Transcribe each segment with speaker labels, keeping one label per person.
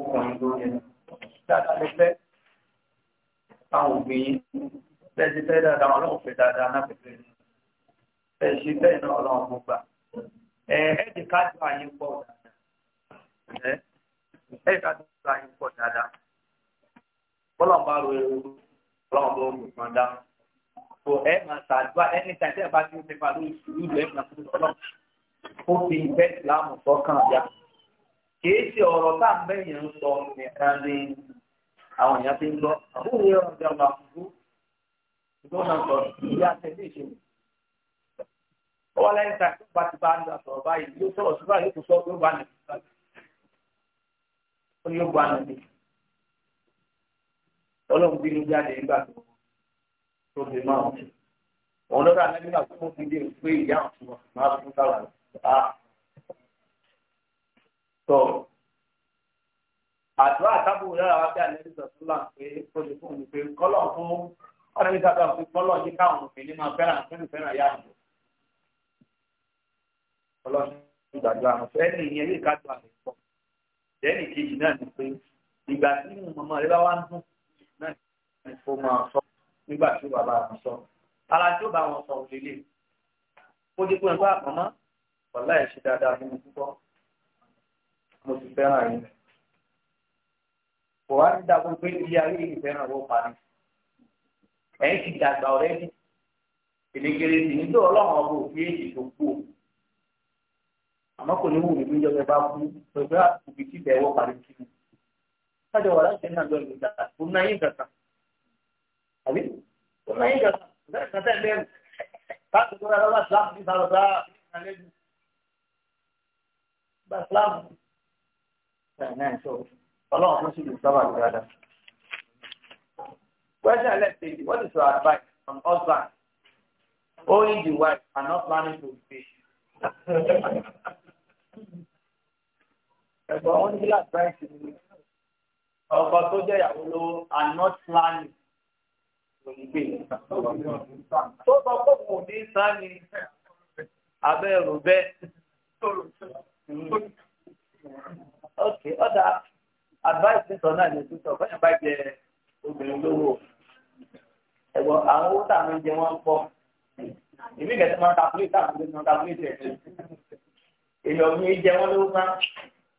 Speaker 1: ọkùnrin lórí ẹni dáadáa ló fẹ́ táwọn òbí bẹ́ẹ̀ fẹ́ dáadáa ọlọ́run fẹ́ dáadáa náà fẹ́ fẹ́ fẹ́ ṣe bẹ́ẹ̀ náà ọlọ́run mo gbà ẹ ẹ ti ká jọ àyè pọ̀ dáadáa ẹ ká jọ àyè pọ̀ dáadáa bọ́lọ̀n bá ro ewu bọ́lọ̀n bó ń gbọ̀n dá kìí ṣe ọ̀rọ̀ tá à ń bẹ̀yìn ń sọ nìkan ní àwọn èèyàn ti ń lọ àbúrò yẹn ọ̀dọ̀ fúfú náà sọ a bá ń sọ̀rọ̀ báyìí yóò sọ̀rọ̀ sí báyìí kò sọ ní ọlọ́run bínú jáde nígbà tó fi máa lọ́dọ̀ àná nígbà tó fún tọ àdúrà tábùrù lára wa bí àlejò sọ̀tún là ń pé ó lè fún mi pé kọ́lọ̀ fún ọ̀rẹ́ mi sábà fún kọ́lọ̀ yìí káwọn òfìlì máa fẹ́ràn fẹ́ràn fẹ́ràn yá àjò ọlọ́run ìgbàdúrà àwọn fẹ́ẹ́ ní ìyẹn lè ká dùn àlè pọ̀ lẹ́yìn kejì náà ni pé ìgbà tí màmá rẹ bá wá ń dùn náà ni kò máa sọ nígbà tí bàbá wọn sọ ara tí ó bá wọn sọ òlélẹ̀ ó dé pé ẹgbẹ́ àpamọ́ ọ̀la ẹ̀ ṣe dáadáa fún mi mo sì fẹ́ràn yín kò wá ti dàgbọ́n pé ilé ayé yìí fẹ́ràn wọ́n parí ẹ̀yìn ti dàgbà ọ̀rẹ́ bí kèlékèlé sì ní tó ọlọ́run ọba òfin èyí tó kú o àmọ́ kò ní wù mí níjọ́ bẹ́ẹ̀ bá kú pẹ̀lú àbùkù tí bẹ́ẹ̀ wọ́n parí kí ni sájọ wà láti náà lọ́ọ́ ìgbà kò náà yín kankan àbí kò náà yín kankan kò náà bẹ́ẹ̀ káàkiri tó náà ṣó ọlọ́run tó sì lè sábà lè dáadáa. question lẹ́sẹ̀kejì what is your advice on husband owning the wife and not planning to pay. ẹ̀gbọ́n wọn ní advice ni ọkọ tó jẹ́ ìyàwó lówó and not planning to pay. tó sọ pé kò ní sanni abẹ́ rò bẹ́ẹ̀ ok ọ̀dà advice ní sọ náà ní sísọ bẹ́ẹ̀ bá jẹ obìnrin lówó ẹ̀gbọ́n àwọn owó tàbí jẹ wọ́n pọ̀ èmi kẹ̀tẹ́ máa ta plé tàbí máa ta plé tẹ̀ èèyàn mi jẹ wọ́n lówó máa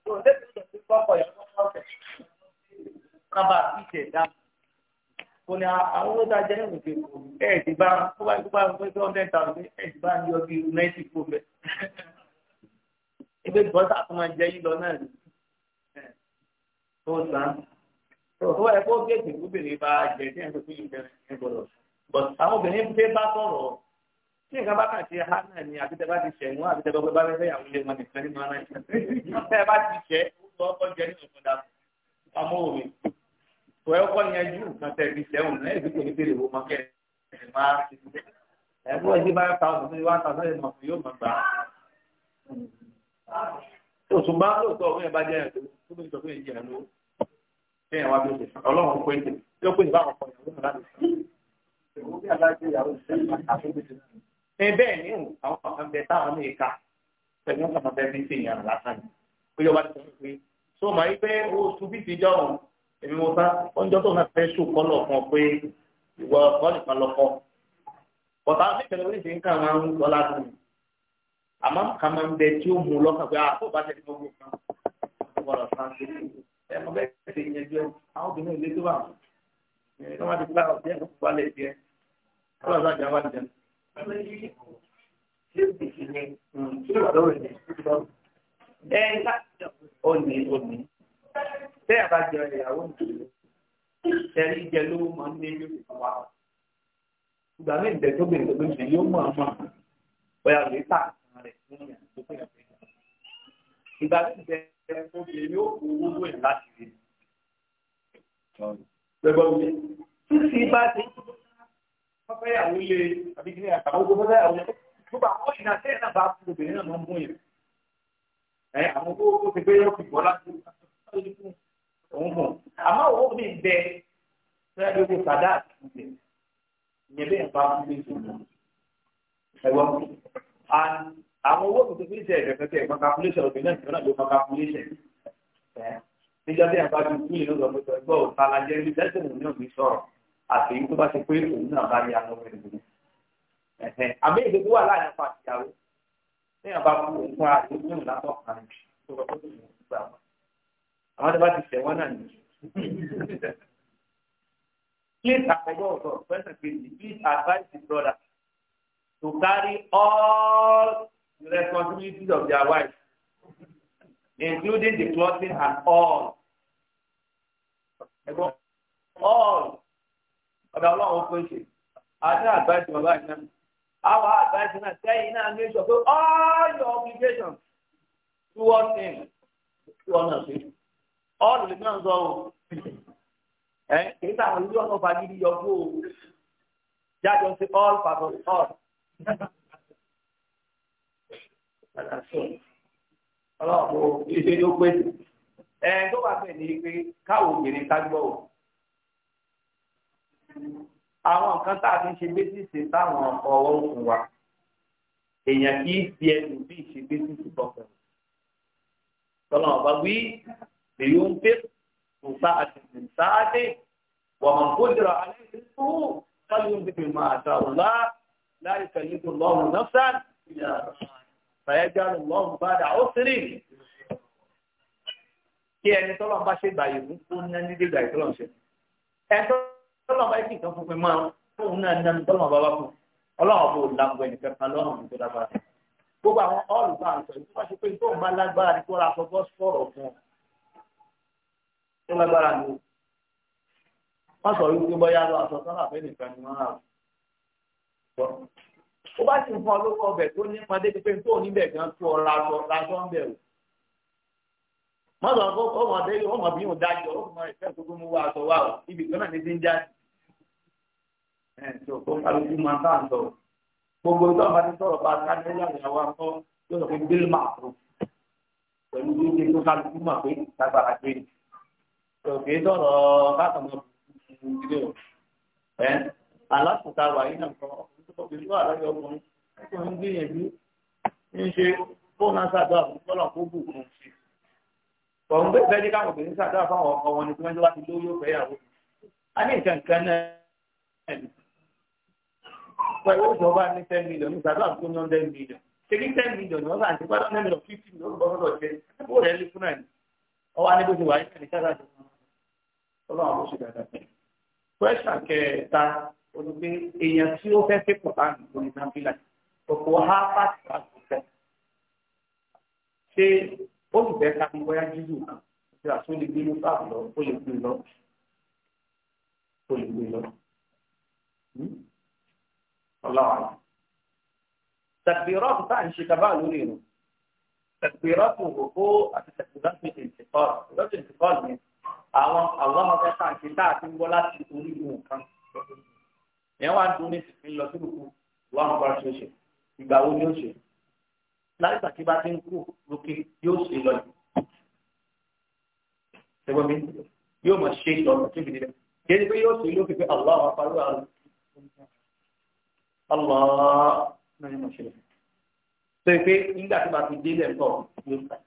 Speaker 1: tó ń tẹ́tí ìṣẹ̀tì kọ́kọ́ yẹn fún ọ̀sẹ̀ kábà ìṣẹ̀ dá kò ní àwọn owó tá a jẹ nínú ìṣẹ̀ kò ẹ̀ ti bá tó bá tó bá tó tó hundred thousand ẹ̀ ti bá yọ bí ninety kò bẹ́ẹ̀ ebe bọ́sà tó máa jẹ yí lọ náà nìyí tó san tó ẹ kó gèsè kúbìnrin bá jẹ sí ẹni tó fi ìjẹ ẹ gbọ́dọ̀ but àwọn obìnrin fẹ́ bá sọ̀rọ̀ tí nǹkan bá kàn ṣe ha náà ni àbí tẹ́lá ti ṣẹ̀wọ́n àbí tẹ́lá bá fẹ́ yàwó ilé wọn nìkan nínú ara yìí tẹ́ bá ti ṣẹ́ ó kọ́ jẹ nínú ìfúnda ọmọ òwe tó ẹ kọ́ yẹn jù kan tẹ́ fi ṣẹ́wọ̀n náà èdè kò ní bèrè owó mọ́kẹ́ ẹ̀ máa ṣe ṣe ẹ̀ fún ẹ̀ sí bá yẹn ta ọ̀sán ní wá ta ọ̀sán yẹn mọ̀ fún yóò mọ̀ gbà á oṣù bá lóòótọ́ ọ̀hún ẹ̀ bá jẹ́ ẹ̀dọ́ tó bẹ́ẹ̀ sọ pé èyí ẹ̀ ló ṣe ẹ̀ wá bí ó ṣe ọlọ́run pé ṣe tí ó pè ní báwọn ọkọ ìyàwó náà láti ṣe. ẹ bẹ́ẹ̀ ni àwọn kan bẹ táwọn ní ìka pẹ̀lú ọkàn kan bẹ́ẹ̀ fi ṣe ìyàrá lásán ni pé yọba ti sọ pé so màá yí pé oṣù bí ti jọrùn èmi mo sá oúnjẹ tó náà fẹ́ ṣù kọ́ lọ́kàn pé ìwọ ọ̀nìkan lọ́kọ́ bọ̀tà nípìnlẹ̀ oríṣiríṣi nǹkan máa ń sọ àmọ́ kàn máa ń bẹ tí ó mú lọ́kàn pé àpò ah, bá tẹ̀lé ọgbọ́n kan gbọ́dọ̀ san ṣe ẹ mọ bẹ́ẹ̀ ṣe yẹn jẹ àwọn obìnrin ilé tó bá wọn ẹ wọ́n ti gbá ọ̀dẹ́ ẹ̀kọ́ wà lẹ́ jẹ ọ̀rọ̀ bá jà wà jẹ. ẹ ò ní ò ní bẹ́ẹ̀ bá jẹ ìyàwó nìyí tẹ̀lé jẹ ló máa ń lé lórí wa ìgbà mi ìdẹ́gbẹ́gbẹ́ ìdẹ́gbẹ́gbẹ́ yóò mọ̀ ọ́n mọ̀ ọ́ rẹ̀ fún ìyàwó tó pè é ìgbà tí ìbẹ̀rẹ̀ obìnrin yóò kó owó ẹ̀ láti rí gbẹgbọ mi tí sì bá ti wọ́n fẹ́ yàwó ilé àbí kí ni àtàwọn tó fẹ́ yàwó gbogbo àwọn ìyá tẹ́ náà bá fún obìnrin náà máa ń mú yẹn ẹ àwọn tó tó ti gbé yẹn kò bọ́ láti òun mọ̀ àmọ́ òun mi bẹ fẹ́ gbogbo sàdá àti ìbẹ̀ ìyẹn bẹ́ẹ̀ bá fún mi sùn ẹ̀wọ́n mi and àwọn owó tó ti fi ṣe ẹ̀rẹ̀ kẹ́kẹ́ ìmọ̀ calculation òbí náà ìmọ̀ náà ló mọ calculation níjọ́ tí àbá ti kú ìlú ọ̀gbọ́n tó gbọ́ ọ̀tá la jẹ́ ibi tẹ́sán òun náà fi sọ̀rọ̀ àti èyí tó bá ti pé òun náà bá yà lọ́wọ́ ẹ̀ lórí. àmì ìdókòwò wà láàrin apá àtìyàwó ní àbá kú òun fúnra rẹ̀ ló ń látọ̀ kan tó tó ti tó to carry all the responsibilities of their wives, including the clothing and all. Ẹ̀gbọ́n all ọ̀dà ọlọ́run fún ṣe. Adé advice bàbá yìí náà. Our advice náà sẹ́yìn náà make sure pé all your obligations towards him tí wọ́n náà ṣe. All the men sọ o. Ẹ kìí sáwọn ilé ọ̀nà fagídí yọ fún o. Jáde ọ̀sẹ̀ all pàtó all ọlọ́run ìṣe ló pé ẹ tó bá bẹ̀ ní pé káwọn obìnrin ká gbọ́ o àwọn nǹkan tá a fi ń ṣe bẹ́sìsì táwọn ọkọ ọwọ́ ń fún wa èèyàn kì í fi ẹnu bí ìṣe bẹ́sìsì tọkàn tọ́lá ọba wí èyí ń pè kò sá àtìsìn sáádé wọ́n kó dìrọ̀ alẹ́ ìṣẹ́ fún wọ́n ń bèbè máa dà لا يكلف الله نفسا فيجعل الله بعد عسر kí ẹni tọ́lọ́ bá ṣe gbàyè fún kó ná ní dé gbàyè tọ́lọ́ ṣe ẹ tọ́lọ́ bá kì í kan fún pé máa fóun náà ná ní tọ́lọ́ bá wá fún ọlọ́run bò lágbo ẹnì kẹta lọ́rùn ní tó lágbára gbogbo àwọn ọ́ọ̀lù bá ń sọ ìlú wá sí pé tóun bá lágbára ní kó ra fọgbọ́ sọ̀rọ̀ fún ọ tó lágbára ni wọ́n sọ wípé bọ́yá lọ aṣọ sọ ó bá sì ń fọ lóko ọbẹ̀ tó nípa débi pé tó níbẹ̀ gan tó ọ lásọ lásọ ń bẹ̀rù mọ́tò ọkọ ọmọ àdéhùn ọmọ bí yóò dájú ọmọ ìfẹ́ gbogbo mú wa sọ wá o ibi kan náà ní ti ń já ẹ̀ tó kó kálukú máa ń tà ń sọ gbogbo tó àwọn ti sọ̀rọ̀ bá ká nílẹ̀ àwọn àwọn akọ yóò sọ pé bílí máa tó pẹ̀lú bí ó ṣe tó kálukú mà pé lágbára pé tó kéé sọ̀rọ̀ bákan náà kú ilé o ẹ̀ obìnrin wà lọ́yọ̀ ọkùnrin tó ń gbìyànjú ń ṣe fóònù àṣàdúrà fún tọ́lọ̀ kó bù kún sí i. ọ̀hún bẹ́ẹ̀ bẹ́ẹ̀ ní káwọn obìnrin ṣàdúrà fáwọn ọkọ wọn ni tí wọ́n ti wá ti lóyún ọ̀fẹ́ yàwó. a ní nǹkan kan náà pẹ̀lú ìjọba ní ten million ìṣàdúrà fún ní hundred million ṣe ní ten million ó ní pé èèyàn tí ó fẹ́ fẹ́ pọ̀ láàrin ìgbóni nàbílà kòkó ha pàṣẹ pàṣẹ fẹ́ ṣé ó sì fẹ́ ká ní bóyá jíjù kan ṣe àtúntò lè gbé lóṣà lọ ó lè gbé lọ ó lè gbé lọ hmm? ọlọ́wà tàbírọ́ tó tá ń ṣe tábà lórí rẹ̀ tàbírọ́ tó kòkó àti tàbírọ́ tó ìtìkọ́ ìtìkọ́ ni àwọn àwọn ọmọ fẹ́ tá à ti ń bọ́ láti orí ìwọ̀n kan èèyàn wá ń dun ní ìsinmi lọ sí ìlú wọn àwọn ọkọ ṣe ìgbà wo ni ó ṣe láti pàtí bá ti ń kú lókè yóò ṣe lọ yìí ṣẹgbọn mi yóò mọ ṣe ìlọrin tó fi nílẹ̀ kí ẹni pé yóò ṣe lókè pé allah wa parí wa allah náà ni mo ṣe lọ sọ pé nígbà tí màá fi délé ńkọ́ yóò ṣe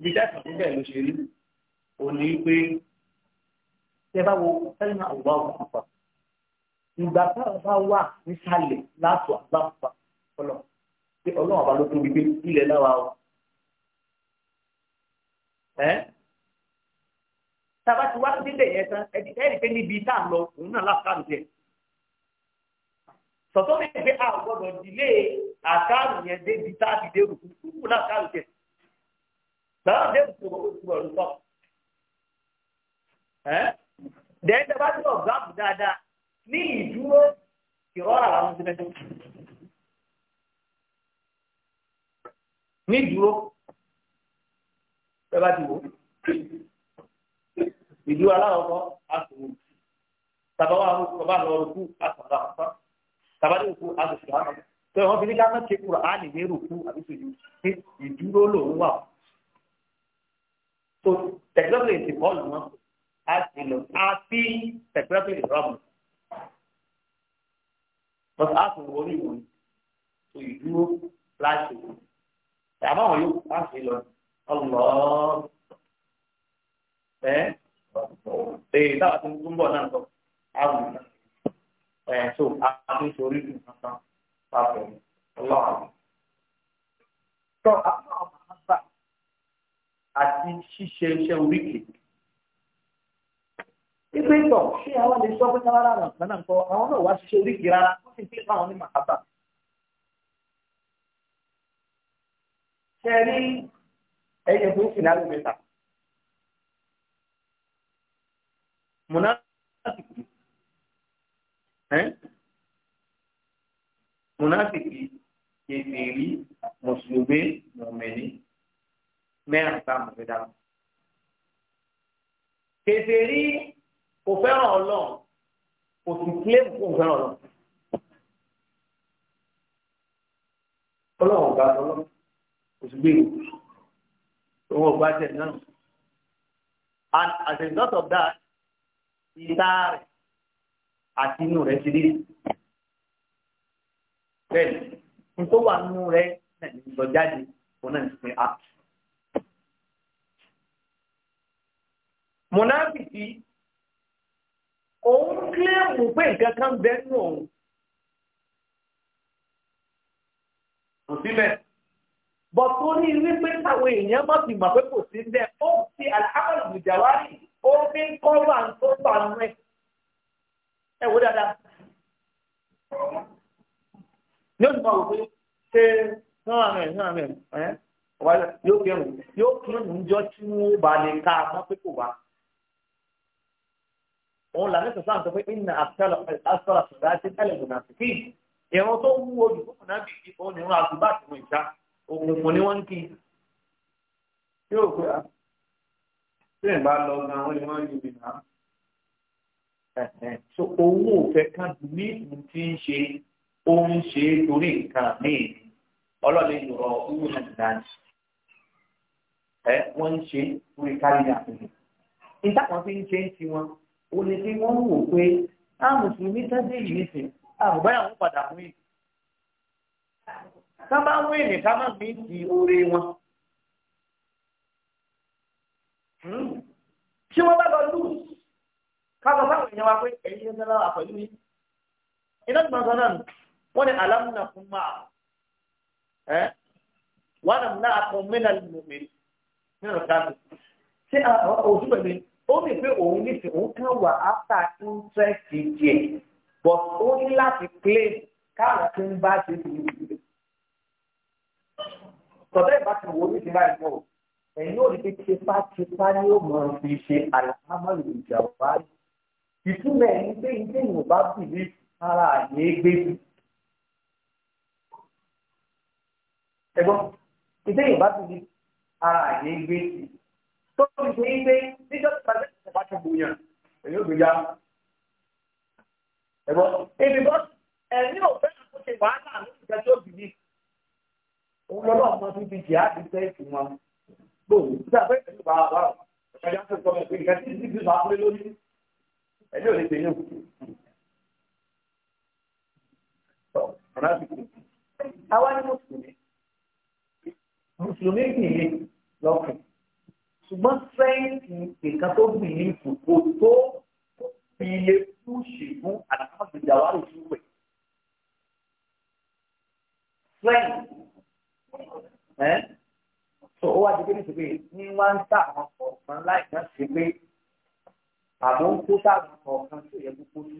Speaker 1: bí jáde ìpínlẹ̀ ló ṣe rí òní pé tẹ bá wo sẹ́yìn àwùbá ọ̀hún pa ìgbà tá a bá wà nísàlẹ̀ láti àgbà pa ọlọ pé ọlọ́run àbá ló tóbi pé ilẹ̀ láwa o ẹ́ tàbá ti wá nílẹ̀ yẹn tán ẹ̀dí ẹ̀rí pé níbi tá a lọ òun náà láǹkàrù jẹ sọ̀tọ́ mi pé a gbọ́dọ̀ dílé àkàrù yẹn débi tá a ti dé rùkú rùkú láǹkàrù jẹ tàbá dé rùkú rùkú rùkú ẹ̀ dẹ́gbẹ́ bá ti ọ̀gáàbù dáadáa ní ìdúró ìrọ́ra làwọn ti bẹ́tẹ̀. ní ìdúró bẹ́ẹ̀ bá ti wò ìdúró aláwọ̀ kọ́ àtúwò tàbá wà ló tàbá lọ rúkú àtàbà àpá tàbá ló kú àtúwò àpá tẹ wọn fi ní káná ṣe kúrò á nìyẹn rúkú àbí sòjú pé ìdúró lòún wà. tó tẹ̀síọ́sì ètò bọ́ọ̀lù náà á sì lò á sí tẹ̀gbẹ́tì ìrọ̀mù bọ́sù á sì wọlé ìwọ̀n tó ìdúró láti àmọ́ àwọn yóò á sì lọ ọlọ́ ẹ èyí táwa ti ń túnbọ̀ náà sọ àwọn ẹ̀ tó a ti ń sọ orí ìdùnnú kan papọ̀ ọlọ́run tọ́ àwọn àmàlà àti ṣíṣe iṣẹ́ oríkèé pípé ìtọ̀ ṣé àwọn lè sọ pé káwárà àwọn àgbà náà kọ àwọn náà wá ṣiṣẹ́ oríkì rárá wọ́n sì ń pè fáwọn ní màkàtà. ṣe rí ẹyẹ fún sìnárì mẹ́ta. múná munafiki kefiri mùsùlùmí mùmìnì mẹ́rin tá a mọ̀ fi dáhùn. kefiri kò fẹ́ràn ọlọ́run kò sì kílẹ̀ kó fẹ́ràn ọlọ́run. ọlọ́run ọ̀gá ọlọ́run kò sì gbé owó ọgbà tẹ̀ náà. and as a result of that ìta rẹ̀ àti inú rẹ̀ ti rí. bẹ́ẹ̀ni n tó wà nínú rẹ̀ náà ní sọ òun náà ti pín act. mùnáfìsì. òun kílẹ̀mù pé nǹkan kan bẹ́ nù òun kò sí bọ̀ tó ní wípé táwọn èèyàn má ti mọ̀ pé kò sí bẹ́ẹ̀ ó ti àlámọ̀lù ìjàwárì ó fi ń kọ́ wà tó bà ń rẹ̀ ẹ wò dáadáa ní oṣù kan wò pé ṣé náà rẹ̀ náà rẹ̀ ẹ̀ wáyé yóò yóò ń tí wọ́n bá lè ká a mọ́ òun làmì sọ̀sọ́ àti pé ìnà àtàlà ṣùgbọ́n àti tẹ́lẹ̀ mùnàfíkì ìrún tó wú ojú fún mùnàfíkì òun ìrún àtúbà àti ìrún ìjà òkùnkùn ni wọ́n ń kí i. yóò pé a tí ẹ̀ bá lọ gan àwọn ìwọ̀n yìí mi náà. so owó òfẹ́ kan ní ìlú tí ń ṣe ó ń ṣe torí nǹkan míì ọlọ́ọ̀lẹ́ ìrọ̀ owó náà dáná. ẹ wọ́n ń ṣe orí kárí àtúnyẹ̀. ìtàkùn fi ń ṣe ń ti wọn o ní kí wọ́n wò pé á mùsùlùmí sẹ́sẹ̀ yìí nìsín àbúgbáyà wọn padà wí. ká bá wí ní ká má fi di oore wọn. tí wọ́n bá lọ lù ká lọ báwọn èèyàn wa pé ẹ̀yin ṣe ń sára àpẹ̀lú yìí. iná tí wọ́n sọ náà nù wọ́n ní alámúnà fún máa wọ́n náà kọ́ mẹ́nà lùmọ̀mẹ́ nínú káàdì. ṣé òṣùpẹ̀ mi ó mì pé òun nífẹ̀ẹ́ òun kàn wà after interest jẹ but ó ní láti claim káwọn tó ń bá ṣe ìlú ìlú. sọ̀tẹ́ ìbá ti wò ó níṣẹ́ báyìí náà ẹ̀yin ò ní pé tipátipá ni ó mọ̀ fi ṣe àlàkámọ́lù ìjà wáyé. ìtumọ̀ ẹ̀yin pé ilé ìwọ̀n bá bì ní ara àyè gbé sí. ẹ̀gbọ́n ilé ìwọ̀n ní ara àyè gbé sí tó ti ṣe ń gbé níjọ́ tí pàṣẹ ìjọba ti bùyàn èyí ò gbéjà ẹ̀bọ́ ebi bọ́ ẹ̀mí ò fẹ́ kó ṣe wàhálà lórí ìjà tó bìbí òun lọ́wọ́ ọmọ tó ti jìyà ti fẹ́ ìfún wọn gbòòrò nígbà fẹ́ ìfún bàbá wa ọ̀kadà tó kọ́ ẹ̀fẹ́ ìkà tí ìdíjú bá pé lórí ẹ̀mí ò lè ṣe yàn. àwa ni mùsùlùmí mùsùlùmí kì í lọ́kùnrin kọ́rẹ́ǹtì nǹkan tó gbìn ní ìfòkó tó fi lè fún ṣègùn àtàkùn ìjàwá òṣù rẹ̀. Fẹ́ǹ ẹ́ so ó wá di pé nítorí ní wá ń tà àwọn kọ̀ọ̀kan láì náà ṣe pé àmọ́ ń kó sáà kọ̀ọ̀kan tó yẹ kó kó sí.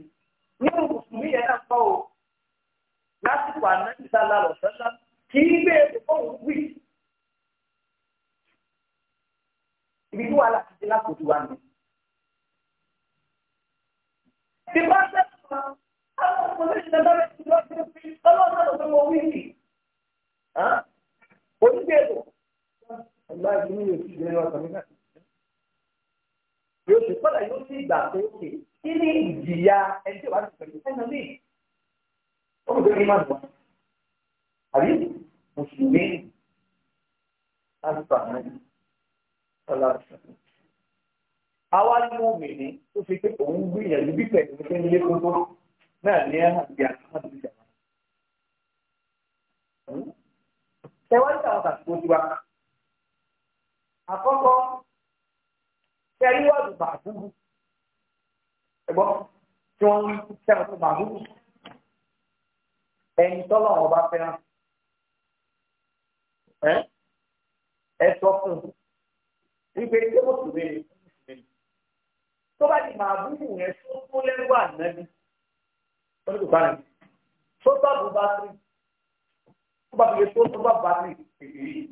Speaker 1: pé ṣé mo sùn mí ni tó bá di màá bú yẹn tó tó lẹ́gbọ́ ànábi wọ́n ní kò bá mi tó bá bu bá tiri tó bá fi lè tó tó bá bá tiri tètè yìí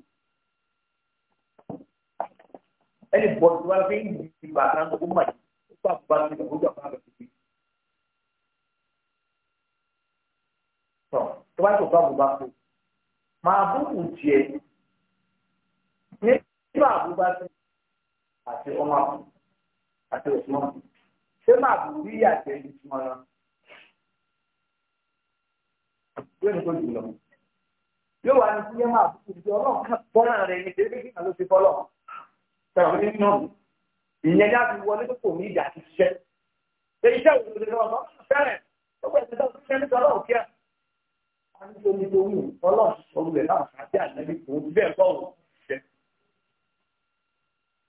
Speaker 1: ẹni bọ̀ tí wọ́n fi ń yí ti bàtà ń kó mà yìí tó bá bu bá tiri tó bá bá bẹ̀ tètè yìí. tó bá tó bá bu bá tiri màá bú kù tiẹ̀ nígbà bu bá tiri àti Umar àti Usman ṣé máa bù bí àti ẹni tí wọn lọ yóò ní kó jù lọ yóò wá ní sílẹ̀ máa bù bí ọlọ́run ká bọ́lá rẹ̀ ní kébé kí ló ti bọ́lọ̀ tẹ̀wọ́n ní nínú ìyẹn dá fi wọlé tó kò ní ìjà ti ṣiṣẹ́ ṣe iṣẹ́ òṣèlú lọ́wọ́ lọ́wọ́ fẹ́rẹ̀ tó pẹ̀lú tó ṣe ní sọ́lọ́ òkè à. a ní tó ní tó wù ọlọ́run olùlẹ̀ àti àjẹ́bí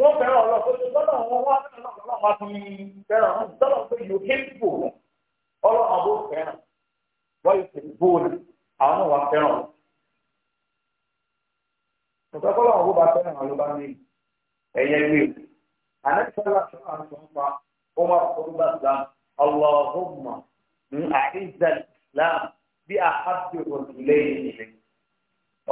Speaker 1: wọ́n fẹ́ràn ọlọ́run tó lọ́nà wọn wá fẹ́ràn ọlọ́run wá fi fẹ́ràn wọn tọ́lọ̀ pé yóò ké bò wọn ọlọ́run àbó fẹ́ràn wọ́n yóò tẹ̀lé bóòlù àwọn náà wá fẹ́ràn wọn. nǹkan kọ́ bá fẹ́ràn wọn ní ẹ̀yẹ gbé àlẹ́sọ̀rọ̀ àti àwọn pa ó máa fọ́dún bá gbà ọlọ́ọ̀hùnmá ní àìsàn islam bí àhábì òṣèlú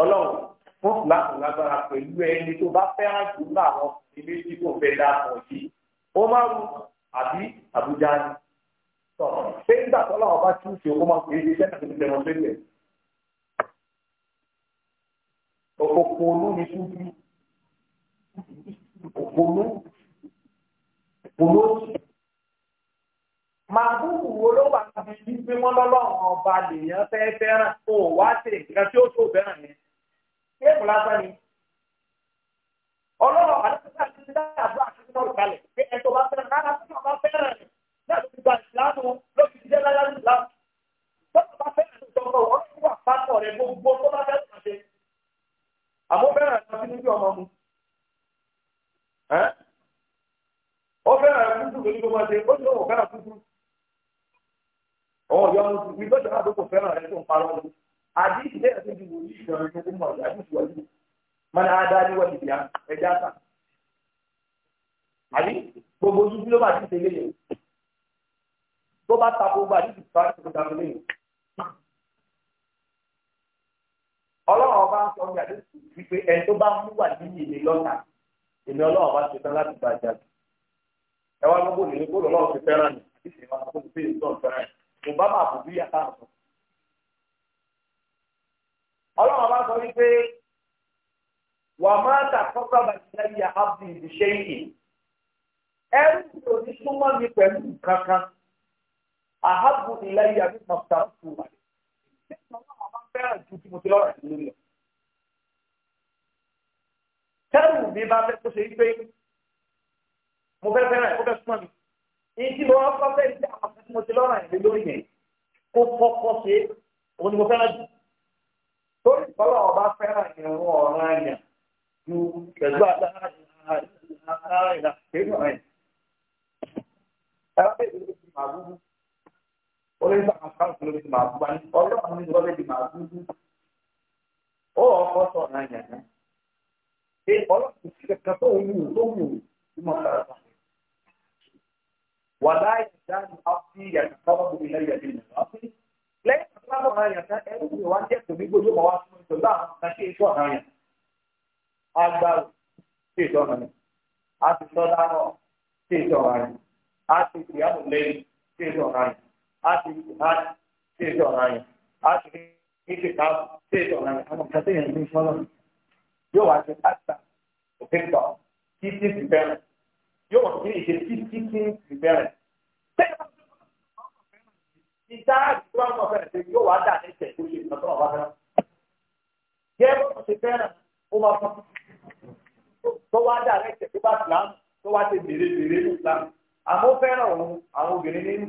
Speaker 1: ọlọ́run fún fúlàmù lágbára pẹ̀lú ẹni tó bá fẹ́ràn jù láwọn ilé tí kò fẹ́ dá pọ̀ yìí ó máa wù àbí àbújá ni. tọ́ ṣé nígbà tó láwọn bá tún ṣe kó máa fi èdè iṣẹ́ àti ìdẹ̀rùn sílẹ̀. òpònú ni túbú òpònú òpònú màbúrú wo ló wà níbi wípé wọn lọ́lọ́run ọba lèèyàn fẹ́ẹ́ fẹ́ràn tó wá sí nǹkan tí ó tó fẹ́ràn yẹn téèpù lásán ni ọlọ́run àdókòtà ti ti dá àdúrà àti ìdílé ọ̀rọ̀ kalẹ̀ pé ẹ̀tọ́ bá fẹ́ràn rárá tó náà bá fẹ́ràn rẹ̀ náà ló ti gba ìsìlámù ló ti jẹ́ láyá ní ìsìlámù tó náà bá fẹ́ràn tó tọ́kọ̀ wọ́n ti wà pátọ̀ rẹ̀ gbogbo tó bá fẹ́ràn ṣe àmọ́ fẹ́ràn lọ sí níbi ọmọ mu ó fẹ́ràn kúndùn lórí gbogbo ọdẹ ó ní òun fẹ́ràn kúndùn òun ọ̀yọ́ mu nígbà tó àdìsí lẹ́yìn tó ju wòlíì ìjọba tó kún mọ̀ ọ̀dà àdìsí wọlé mọ́nà ádá ní wọ́ọ̀dì bíi ẹja kà. àbí gbogbo ojú bí ló bá àdìsí lé yẹn tó bá ta gbogbo àdìsí tó bá tó ta lé yẹn. ọlọ́run ọba ń sọ ní àdìsí wípé ẹni tó bá mú wà nínú ìlé lọ́tà èmi ọlọ́run ọba ṣetán láti bá a jù. ẹ wá gbogbo ìlú gbọ́dọ̀ lọ́run ti fẹ́ràn ní àdìsí ìwà àkókò ọlọ́run bá sọ wípé wà máa ta kọ́kọ́ bá ti lẹ́yìn abdi ìdíṣẹ́ yìí ẹrú kò ní súnmọ́ mi pẹ̀lú kankan àhábù ìlẹ́yìn àbí mọ̀tà fún wa nígbà wọn àwọn fẹ́ràn ju tí mo ti lọ́rọ̀ ìlú lọ. tẹ́rù mi bá fẹ́ kó ṣe é pé mo fẹ́ fẹ́ràn ẹ̀ kó fẹ́ súnmọ́ mi ìdí mo wá kọ́ fẹ́ ìdí àwọn fẹ́ tí mo kó kọ́kọ́ ṣe é òun ni mo fẹ́ràn jù tó ìfọlọ́ ọba fẹ́ràn ìrún ọ̀ràn àyàn ju pẹ̀lú àdáhà ìlà kéènù àyàn. ẹ̀rọ bẹ́ẹ̀ ló ti máa dúdú ó lè ní àwọn káàkiri ló ti máa dúdú wá ní ọlọ́run ní ìjọba ti máa dúdú ó ọkọ sọ̀rọ̀ àyàn náà. ṣé ọlọ́run sí kankan tó wù tó wù tí wàláyé dáhùn áfíì yàtọ̀ sábà gbogbo ilé yàtọ̀ lábọ̀ ọ̀ràn yẹn tán ẹrú ìwé wa jẹ́ tòmí gbòdó mọ́ wa fún mi pẹ̀lú àwọn kan ṣe èso ọ̀ràn yẹn agbára ṣe èso ọ̀ràn yẹn a ti sọ dáhọ̀ ṣe èso ọ̀ràn yẹn a ti fi àwọn lẹ́yìn ṣe èso ọ̀ràn yẹn a ti fi hàn ṣe èso ọ̀ràn yẹn a ti fi ṣe ká ṣe èso ọ̀ràn yẹn ní dáàbì tó bá wọn fẹ́ràn pé yóò wá dà ní ìtẹ̀ tó ṣe ìtàn tó wọn bá fẹ́ràn. jẹ́ bọ́n ṣe fẹ́ràn ó máa fọ́n tó wá dà ní ìtẹ̀ tó bá fìlàmù tó wá ṣe bèrè bèrè ní ìlànà àmọ́ fẹ́ràn òun àwọn obìnrin ní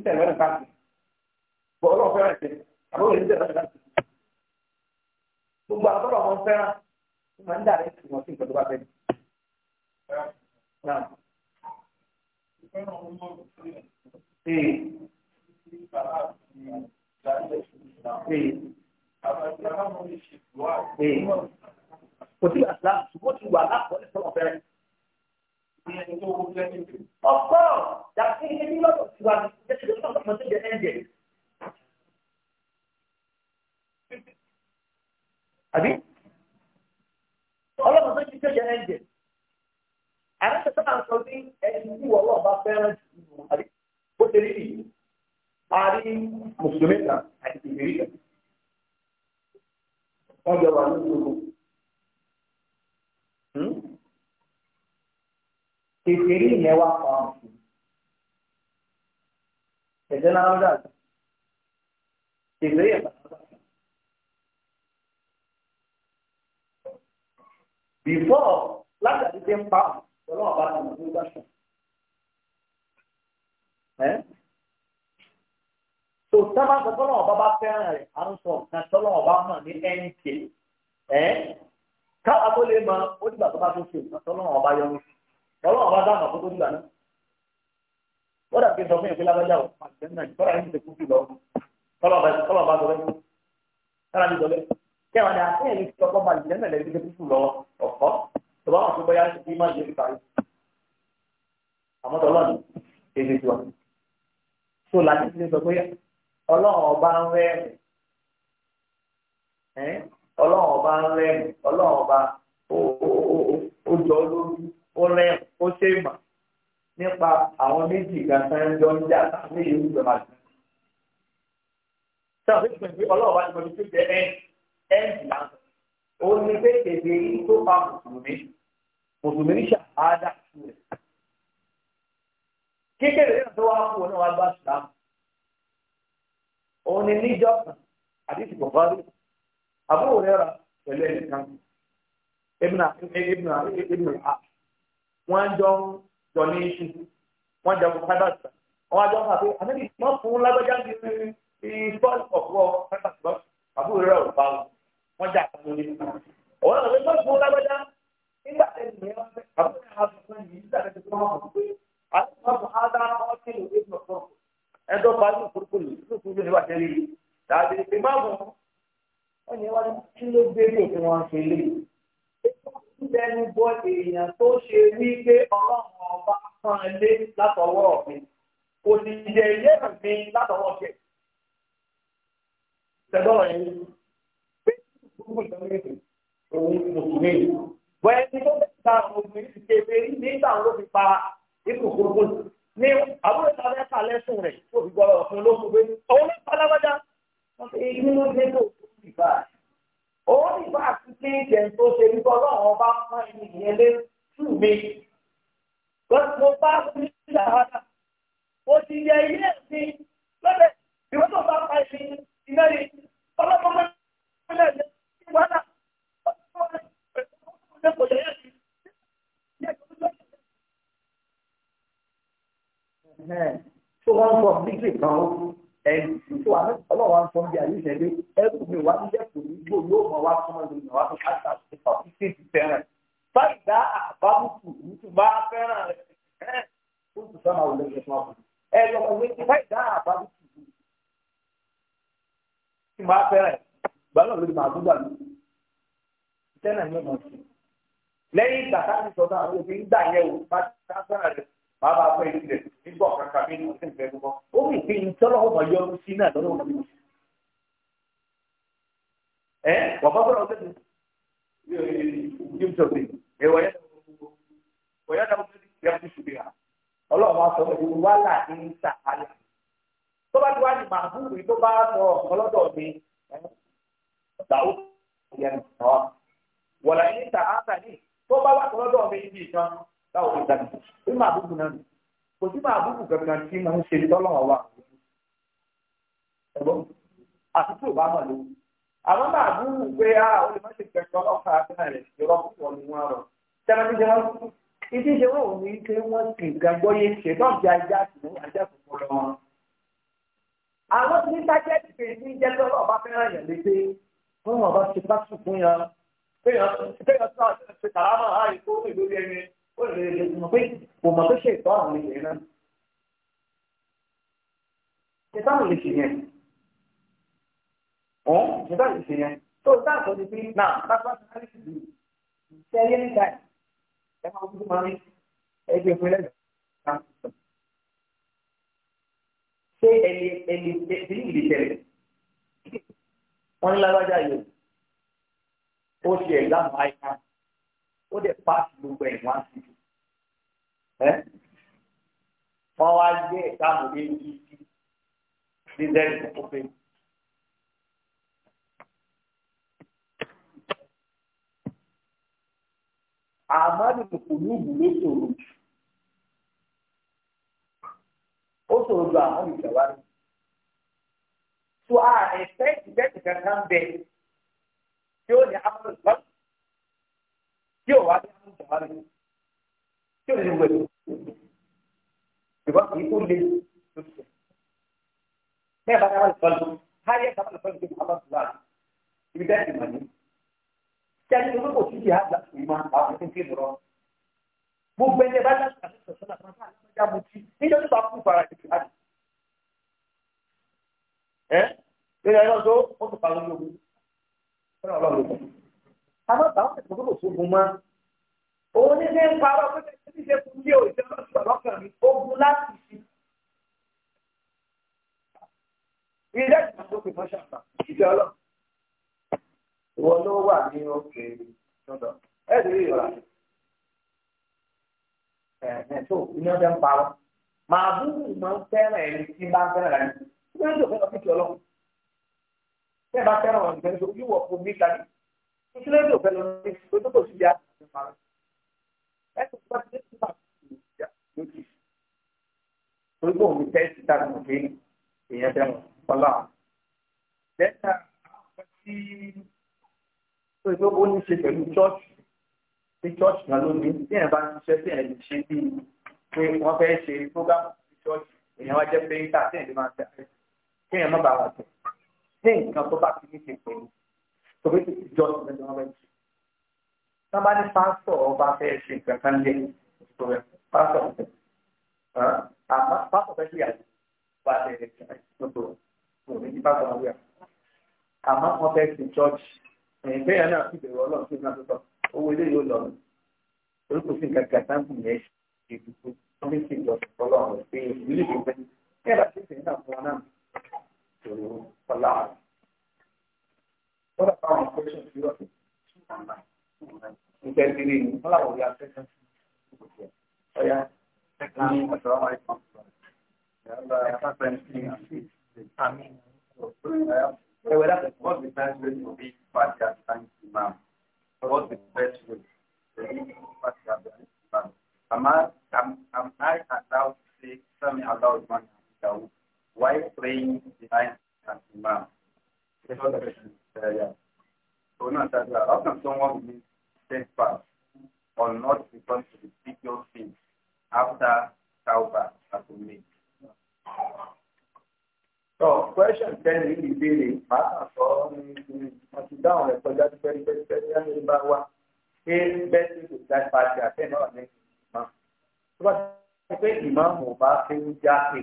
Speaker 1: kò sí àṣà ṣùgbọ́n ti wà lápọ̀lẹ́ sọ́wọ́ fẹ́rẹ́. ọ̀pọ̀ dàbí ẹni lọ́dọ̀ tí wà ní ẹ̀ṣẹ̀ tó sọ̀rọ̀ tó jẹ ẹ̀jẹ̀. àbí ọlọ́run tó ti tó jẹ ẹ̀jẹ̀. àrẹ́sẹ̀ tó ń sọ sí ẹni tí wọ́n wọ́n bá fẹ́ràn jù àbí ó ṣe rí nìyí àrí mùsùlùmí kan àti kìfìrí kan wọ́n jọ wà ní gbogbo hmm? kìfìrí yẹn pa mùsùlùmí ẹ̀jẹ̀ náà ń dà kìfìrí yẹn pàtàkì. before látàrí pé ń pa ọlọ́run bá ti mọ̀ ní gbàṣọ tó sábà tọ́lọ̀ ọba bá fẹ́ràn rẹ̀ à ń sọ nǹkan tọ́lọ̀ ọba mọ̀ ní ẹ̀ǹkè ẹ̀ káwa tó lè mọ ó dìgbà tó bá tó ṣe nǹkan tọ́lọ̀ ọba yọ ní tọ́lọ̀ ọba dáhùn àkókò tó dìgbà náà wọ́n dàbí sọ fún ìpínlẹ̀ abẹ́jà ò àgbẹ̀ náà tọ́lọ̀ ẹni tẹ̀kú sí lọ tọ́lọ̀ ọba tó lẹ́yìn tọ́lọ̀ ẹni tọ́lẹ̀ kẹwàá ni àti ẹni tọkọ ba ìjẹ́ náà lẹ́yìn tẹ̀kú sí lọ ọ̀kọ́ tọ́lọ̀ àwọn tó bọ́yá ṣe má jẹ́ ìparí àmọ́ tọ́lọ̀ ni èdè tiwa so láti ti sọ pé ọlọ́run ọba ń rẹ́rìn ọlọ́run ọba ń rẹ́rìn ọlọ́run ọba ó jọ lójú ó rẹ́rìn ó ṣe mà nípa àwọn méjì gàtàn ẹjọ́ ń jà láàrin ìlú ìjọba àti sọ́ọ̀bù pẹ̀lú ọlọ́run ọba ìgbọ̀nmi tó jẹ ẹ̀ ẹ̀ǹdì náà ó ní pé kèdè yìí tó pa mùsùlùmí mùsùlùmí ní ṣàhádà sílẹ̀ kékeré náà tó wá kú ọ náà wá gbà sùlámù. òun ni níjọ́sìn àdìsí bọ̀bárì àbúrò rẹ̀ rà pẹ̀lú ẹni kan ebina ebina ebina a wọ́n jọ ń jọ ní iṣu jọ ń fábà sí wọ́n jọ ń fà pé àmì ìmọ̀ fún lágbájá ní bọ́ọ̀lù ọ̀pọ̀ fábà sí bọ́ọ̀lù àbúrò rẹ̀ ò bá wọn jà òun fún lágbájá nígbà fẹ́ àbúrò ẹdọ pàtó kúrúkúrú kúrúkúrú ní wàá tẹ́lẹ̀ yìí tàbí ìmáàmù wọn ni wọn kí ló gbé ní òfin wọn fi lè. lẹ́nu bọ́ èèyàn tó ṣe wí pé ọlọ́run ọba kan lé látọwọ́ mi kò sì yẹ ilé mi látọwọ́ jẹ. tẹ̀gbọ́n rẹ̀ ni pé gbogbo ìdánilẹ́sẹ̀ òun mùsùlùmí. bọ́ ẹni tó bẹ̀rẹ̀ ta òun ní ìṣèlérí nígbà ló fi pa ìkùkùrùkùrù ní àbúrò ta fẹ́ ta lẹ́sùn rẹ̀ tó fi gbọ́dọ̀ fún ló mú pé òun ló pa lábájá wọ́n fi inú ló dé tó tó ti bá a. òun ní bá a ti pé ìjẹun tó ṣe wípé ọlọ́run bá pọ́n ẹni ìyẹn lé tù mí. gbọ́dọ̀ bá a fi ṣàwádà mo ti yẹ ilé mi lọ́dẹ̀ ìwé tó bá pa ẹni iná ni ọlọ́run bá pọ́n ẹni ìyẹn lé tù mí. tó wọ́n sọ bíkì kan ó ẹ̀yìn tó wà ọlọ́wà ń sọ bí ayé ìṣẹ̀lẹ̀ ẹ̀kú mi wá nílẹ̀ kò ní gbò yóò mọ̀ wá súnmọ́ lórí ìnáwó tó ká sà sí ọ̀ sí sí fẹ́ràn fáìdá àbábùkù nítorí bá fẹ́ràn rẹ̀ ó sì sọ́nà òun lẹ́yìn tó wà fún ẹ lọ́wọ́ wí fáìdá àbábùkù tí mo bá fẹ́ràn gbọ́dọ̀ lórí màá dúgbà mi ìtẹ́nà ni ó sí lẹ́yìn ìgbà táwọn ìsọ̀tà bàbá pẹ́ ìlú rẹ̀ nígbà kankan bí wọ́n ti ń bẹ̀rù mọ́ ó mì pé ìtọ́lọ́wọ́ mọ̀ yọ sí náà lọ́dọ̀ wọn lóṣù. ẹ wà bá bọ́lá ọ̀sẹ̀ tó ẹwà yẹn wọ̀ yẹn náà ti yẹ kó ṣubú yà ọlọ́run sọ pé wà là ń ta alẹ́ tó bá ti wá ní màbúrú tó bá sọ ọlọ́dọ̀ mi ọ̀tà ó yẹn nìkan wọ̀lá yín ta á tó bá wà ọlọ́dọ̀ mi níbi ìtàn táwọn ò dàbí pé máa búkú náà nù kò sí máa búkú kankan tí mo ń ṣe tọ́lọ́wọ́ wa ẹ̀gbọ́n àti tí ò bá mọ̀ lówó àwọn máa búkú pé a ah, ò lè má ṣe kẹ̀kọ́ ọ̀ka àfihàn rẹ̀ ìrọ̀ púpọ̀ ni wọ́n rọ̀ tẹ́lẹ̀ ní jẹun ibi ìṣe wọn ò ní pé wọ́n ti nǹkan gbọ́yé ṣe náà bí ajá sùn ajá sùn fún lọ wọn. àwọn tí nípa jẹ́ ti pèsè ní jẹ́ lọ́wọ́ ọba fẹ́ràn yẹn lépe fún ọba ṣe bá sùn fún yẹn pé yẹn tó ṣe tàlámà á ah, ìkó ìlú ẹni kò mọ̀ pé ṣètò àwọn ìṣẹ̀lẹ̀ náà ṣètò àwọn ìṣẹ̀lẹ̀ yẹn ọ̀hún ṣètò àwọn ìṣẹ̀lẹ̀ yẹn tó dáàtọ̀ ni pé náà lápá ti máa ń ṣe ìlú ṣe ayé níta ẹ máa wúlò máa ń ẹgbẹ́ fún ẹlẹ́dàá ṣé ẹni ẹni tí ìlú ṣẹlẹ̀ wọ́n ń lágbájá yìí ó ṣe ẹ̀dá máa ń ká ó dẹ̀ paasi gbogbo ẹ̀ wọ́n á sì fi ẹ́ wọ́n wá gbé ẹ̀dáàmú lé ní ibi dídẹ́rì tó fẹ́. àmọ́dù kùlùbù ló ṣòro jù ó ṣòro jù àwọn ìjọba rẹ̀ so a ẹ̀fẹ́ ìbẹ́sì kankan bẹ̀ tí ó ní amúlùmọ́tò tí ò wá sí àwọn ìjọba lẹ́nu tí ò lè wẹ̀ ìwà kìí kó lé lóṣù ní ẹ̀bá kábàlì fọ́lù háyẹ́ kábàlì fọ́lù tó kábàlì fọ́lù àná ibi bẹ́ẹ̀ ti mọ̀ ní. sẹ́ni tó kò sí ìhà àgbà ìmọ̀ àwọn tó ń fi rọ. gbogbo ẹni bá dáhùn àti sọ̀tún àti máa ń já mu tí níjọ́ tó bá kú fara ti fi hàdù. ẹ ẹ lọ́dọ̀ ó tó pa lórí ogun. ó náà lọ́dọ̀ àmọ́ bàbá mi kò sógun mọ́ òun ní ní parọ́ pé kí ní ṣe fún yé òjò lọ́sọ̀ lọ́kàn mi ogun láti fi. ilé ìgbà tó fi mọ́ṣà pa ìjọ ọlọ́ ìwọ ló wà ní òkè lọ́dọ̀ ẹ̀ lórí ìwà ẹ̀ tó iná jẹ́ ń parọ́ màá bú ìmọ̀ ń fẹ́ràn ẹni tí bá ń fẹ́ràn ẹni tí wọ́n ń fẹ́ràn fífi kí ló dé òfẹ́ lọ sí ojú kò sí ya ẹ kò bá ti dé sí bá ti ya lójú torí pé òun tẹ́ sí tàbí òun pé èèyàn fẹ́ wọn pọ́lá lẹ́tà uh, àwọn tí ó ní ó ní ṣe pẹ̀lú chọ́ọ̀chì tí chọ́ọ̀chì náà ló wá jẹ́ pé ń tà tí èèyàn lè kí èèyàn má bàa tẹ̀ tí nǹkan tó bá ti ní ṣe pẹ̀lú torí ìjọsìn ní ọmọ ẹ̀jẹ̀. Tá a bá ní pásítọ̀ ọba fẹ́ ṣe nǹkan kan lé òṣìṣẹ́ rẹ̀ pásítọ̀ ọ̀fẹ́. Àmọ́ pásítọ̀ fẹ́ ṣe ìyàwó bá a lè ṣe lọ́tọ̀ òun ní pásítọ̀ ọ̀hún yà. Àmọ́ wọ́n fẹ́ ṣe chọ́ọ̀chì. Ẹ̀yìn bẹ́ẹ̀ náà sì bẹ̀rù ọlọ́run tó náà tó sọ. Owó ilé yóò lọ. What about the question you got? Interfering. Wọ́n làwọn òbí afẹ́fẹ́. Ọ̀ya. Ní ọ̀sán wa ìfọ̀. Ẹ̀ka pẹ̀lú àmì. Ẹ̀wẹ̀ be fọ́ bí bẹ́ẹ̀ ṣe lè bí pàṣẹ àtàǹkì máa. Fọ́ bí be ṣe lè bí pàṣẹ àtàǹkì máa. Am I, am, am I allowed to say, Sami Allah Usman Dawood, why praying behind an imam? That's all the question. Yeah, yeah. So now that uh, how can someone be steadfast or not return to the previous sin after Tauba has been made? So question ten ní ìbéèrè máa sọ ní mm, wọn ti dáhùn rẹ̀ kọjá tí pẹ́ẹ́rẹ́ pẹ́ẹ́rẹ́ pẹ́ẹ́rẹ́ ní bá wá pé bẹ́ẹ̀ tí kò dá pàṣẹ àtẹ̀yìn náà ní ìmọ̀. Tó bá ti pé ìmọ̀ mò bá fi ń jáde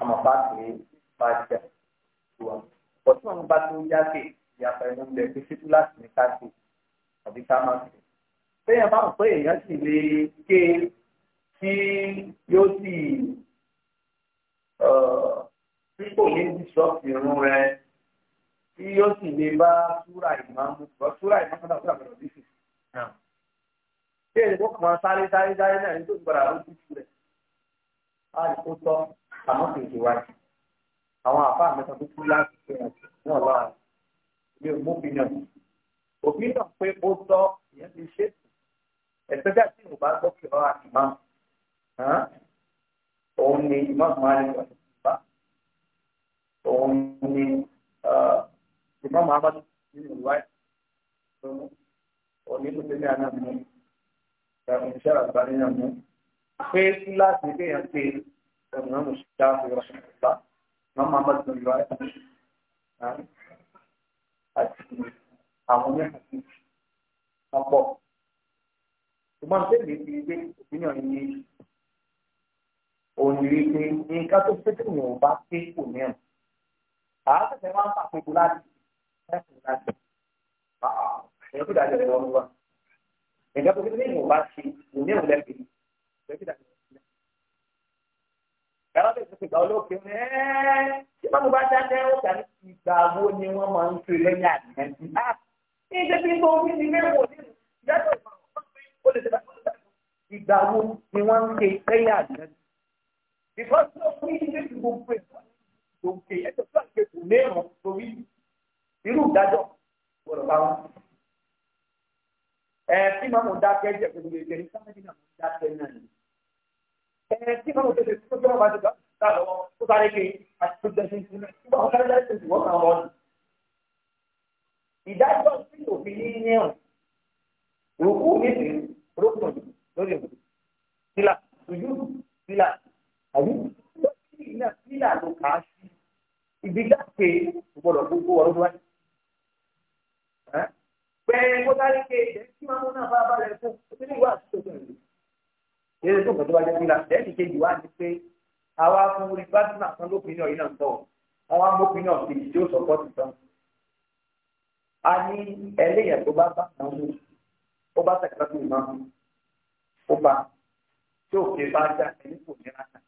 Speaker 1: àmọ̀ bá kì í pàṣẹ ìwà pọtí wọn bá tó yáṣe ìyàtọ̀ ẹnu ilẹ̀ pé ṣé kíláàsì ní ká ṣe àbí ká má ṣe téèyàn bá mọ̀ pé èèyàn sì lè ké kí yóò sì tí kò ní bí ṣọ́ọ̀tì irun rẹ tí yóò sì lè bá súrà ìmáàmù bọ́ súrà ìmáàmù náà súrà bẹ̀rẹ̀ bísí. Ṣé èdè kò máa sáré sáré sáré náà nítorí gbọ́dọ̀ àwọn ojúṣu rẹ̀? Báyìí kó tọ́ àmọ́ kò ṣe wáyé àwọn àbá àmẹ́ta tó kú láti pé àti náà lára mi ò mú opinion opinion pé ó tọ́ ìyẹn ti ṣe ẹ̀sẹ̀dá tí mo bá gbọ́ kí ọ àtìmá òun ni ìmáàmù Malik ọ̀sùnbá òun ni ìmáàmù Ahmad nínú ìwà òun ni mùsùlùmí àná mú ìṣẹ́ àgbáyé náà mú pé kíláàsì kéèyàn pé ẹ̀mùnà mùsùlùmí àti ìrọ̀ṣùnbá. Imam Muhammad bin Ibrahim àti àwọn oníhàtí ọ̀pọ̀. Ṣùgbọ́n tẹ́lẹ̀ ti gbé òpínìyàn ní òní wípé nǹkan tó pété yẹn ò bá pé kò ní ẹ̀. Àá tẹ̀sẹ̀ máa ń pàpébo láti ẹ̀sìn láti ẹ̀yọ́ kí dájọ́ ìwọ́n wà. Nǹkan tó pété yẹn ò bá ṣe kò ní ẹ̀ lẹ́gbẹ̀ẹ́ àwọn tó ti fi gbà olóògbé ní ẹ́ tí wọ́n mú bá dáadáa ó kà ní ìgbà wo ni wọ́n máa ń fi lẹ́yìn àdìyẹn sí. ní ìṣe ah, bí tó wí ní mẹ́wọ̀ nínú ìdájọ́ ìmọ̀ ó lè tẹ̀lé ìgbà wo ni wọ́n ń ṣe lẹ́yìn àdìyẹn sí. because ní òkú yìí ní ti gbogbo ètò tó ń ṣe ẹ̀jọ̀ tó àgbẹ̀ kò mẹ́rùn torí irú ìdájọ́ gbọ́dọ̀ bá wọn. ẹ tí màmú dákẹ́ jẹ́ gbogbo ìgbẹ́ ẹ̀ẹ́dì máa ń tẹ̀lé tó jọba àti gbà lọ́wọ́ tó sáré pé àti tó jẹ́ sí ìsinmi nígbà wọn sáré láti tẹ̀sí wọ́n kàn wọ́n. ìdájọ́ sí òfin ní yẹn rògbò mi sì rògbò lórí òkú sílà tòjú sílà àbí sílà sílà ló kà á sí ibi dáke gbọ́dọ̀ gbogbo ọ̀rọ̀ wáyé pẹ̀lú kó sáré pé ìdẹ́sí máa ń múná bá balẹ̀ fún onígbà tó tẹ̀lé eré tó gbọ́dọ̀ wájú fúnra lẹ́ẹ̀dì kejì wá ní pé àwa fún orí pásítà kan lópinọ yìí náà ń bọ̀ àwọn amópinọ kejì tí ó sọpọ́ ti tán. a ní ẹlẹ́yìn tó bá bá àwọn mú ó bá sàkíyà tó ìmọ̀ ó bá tí òkè bá já ẹni kò ní rárá.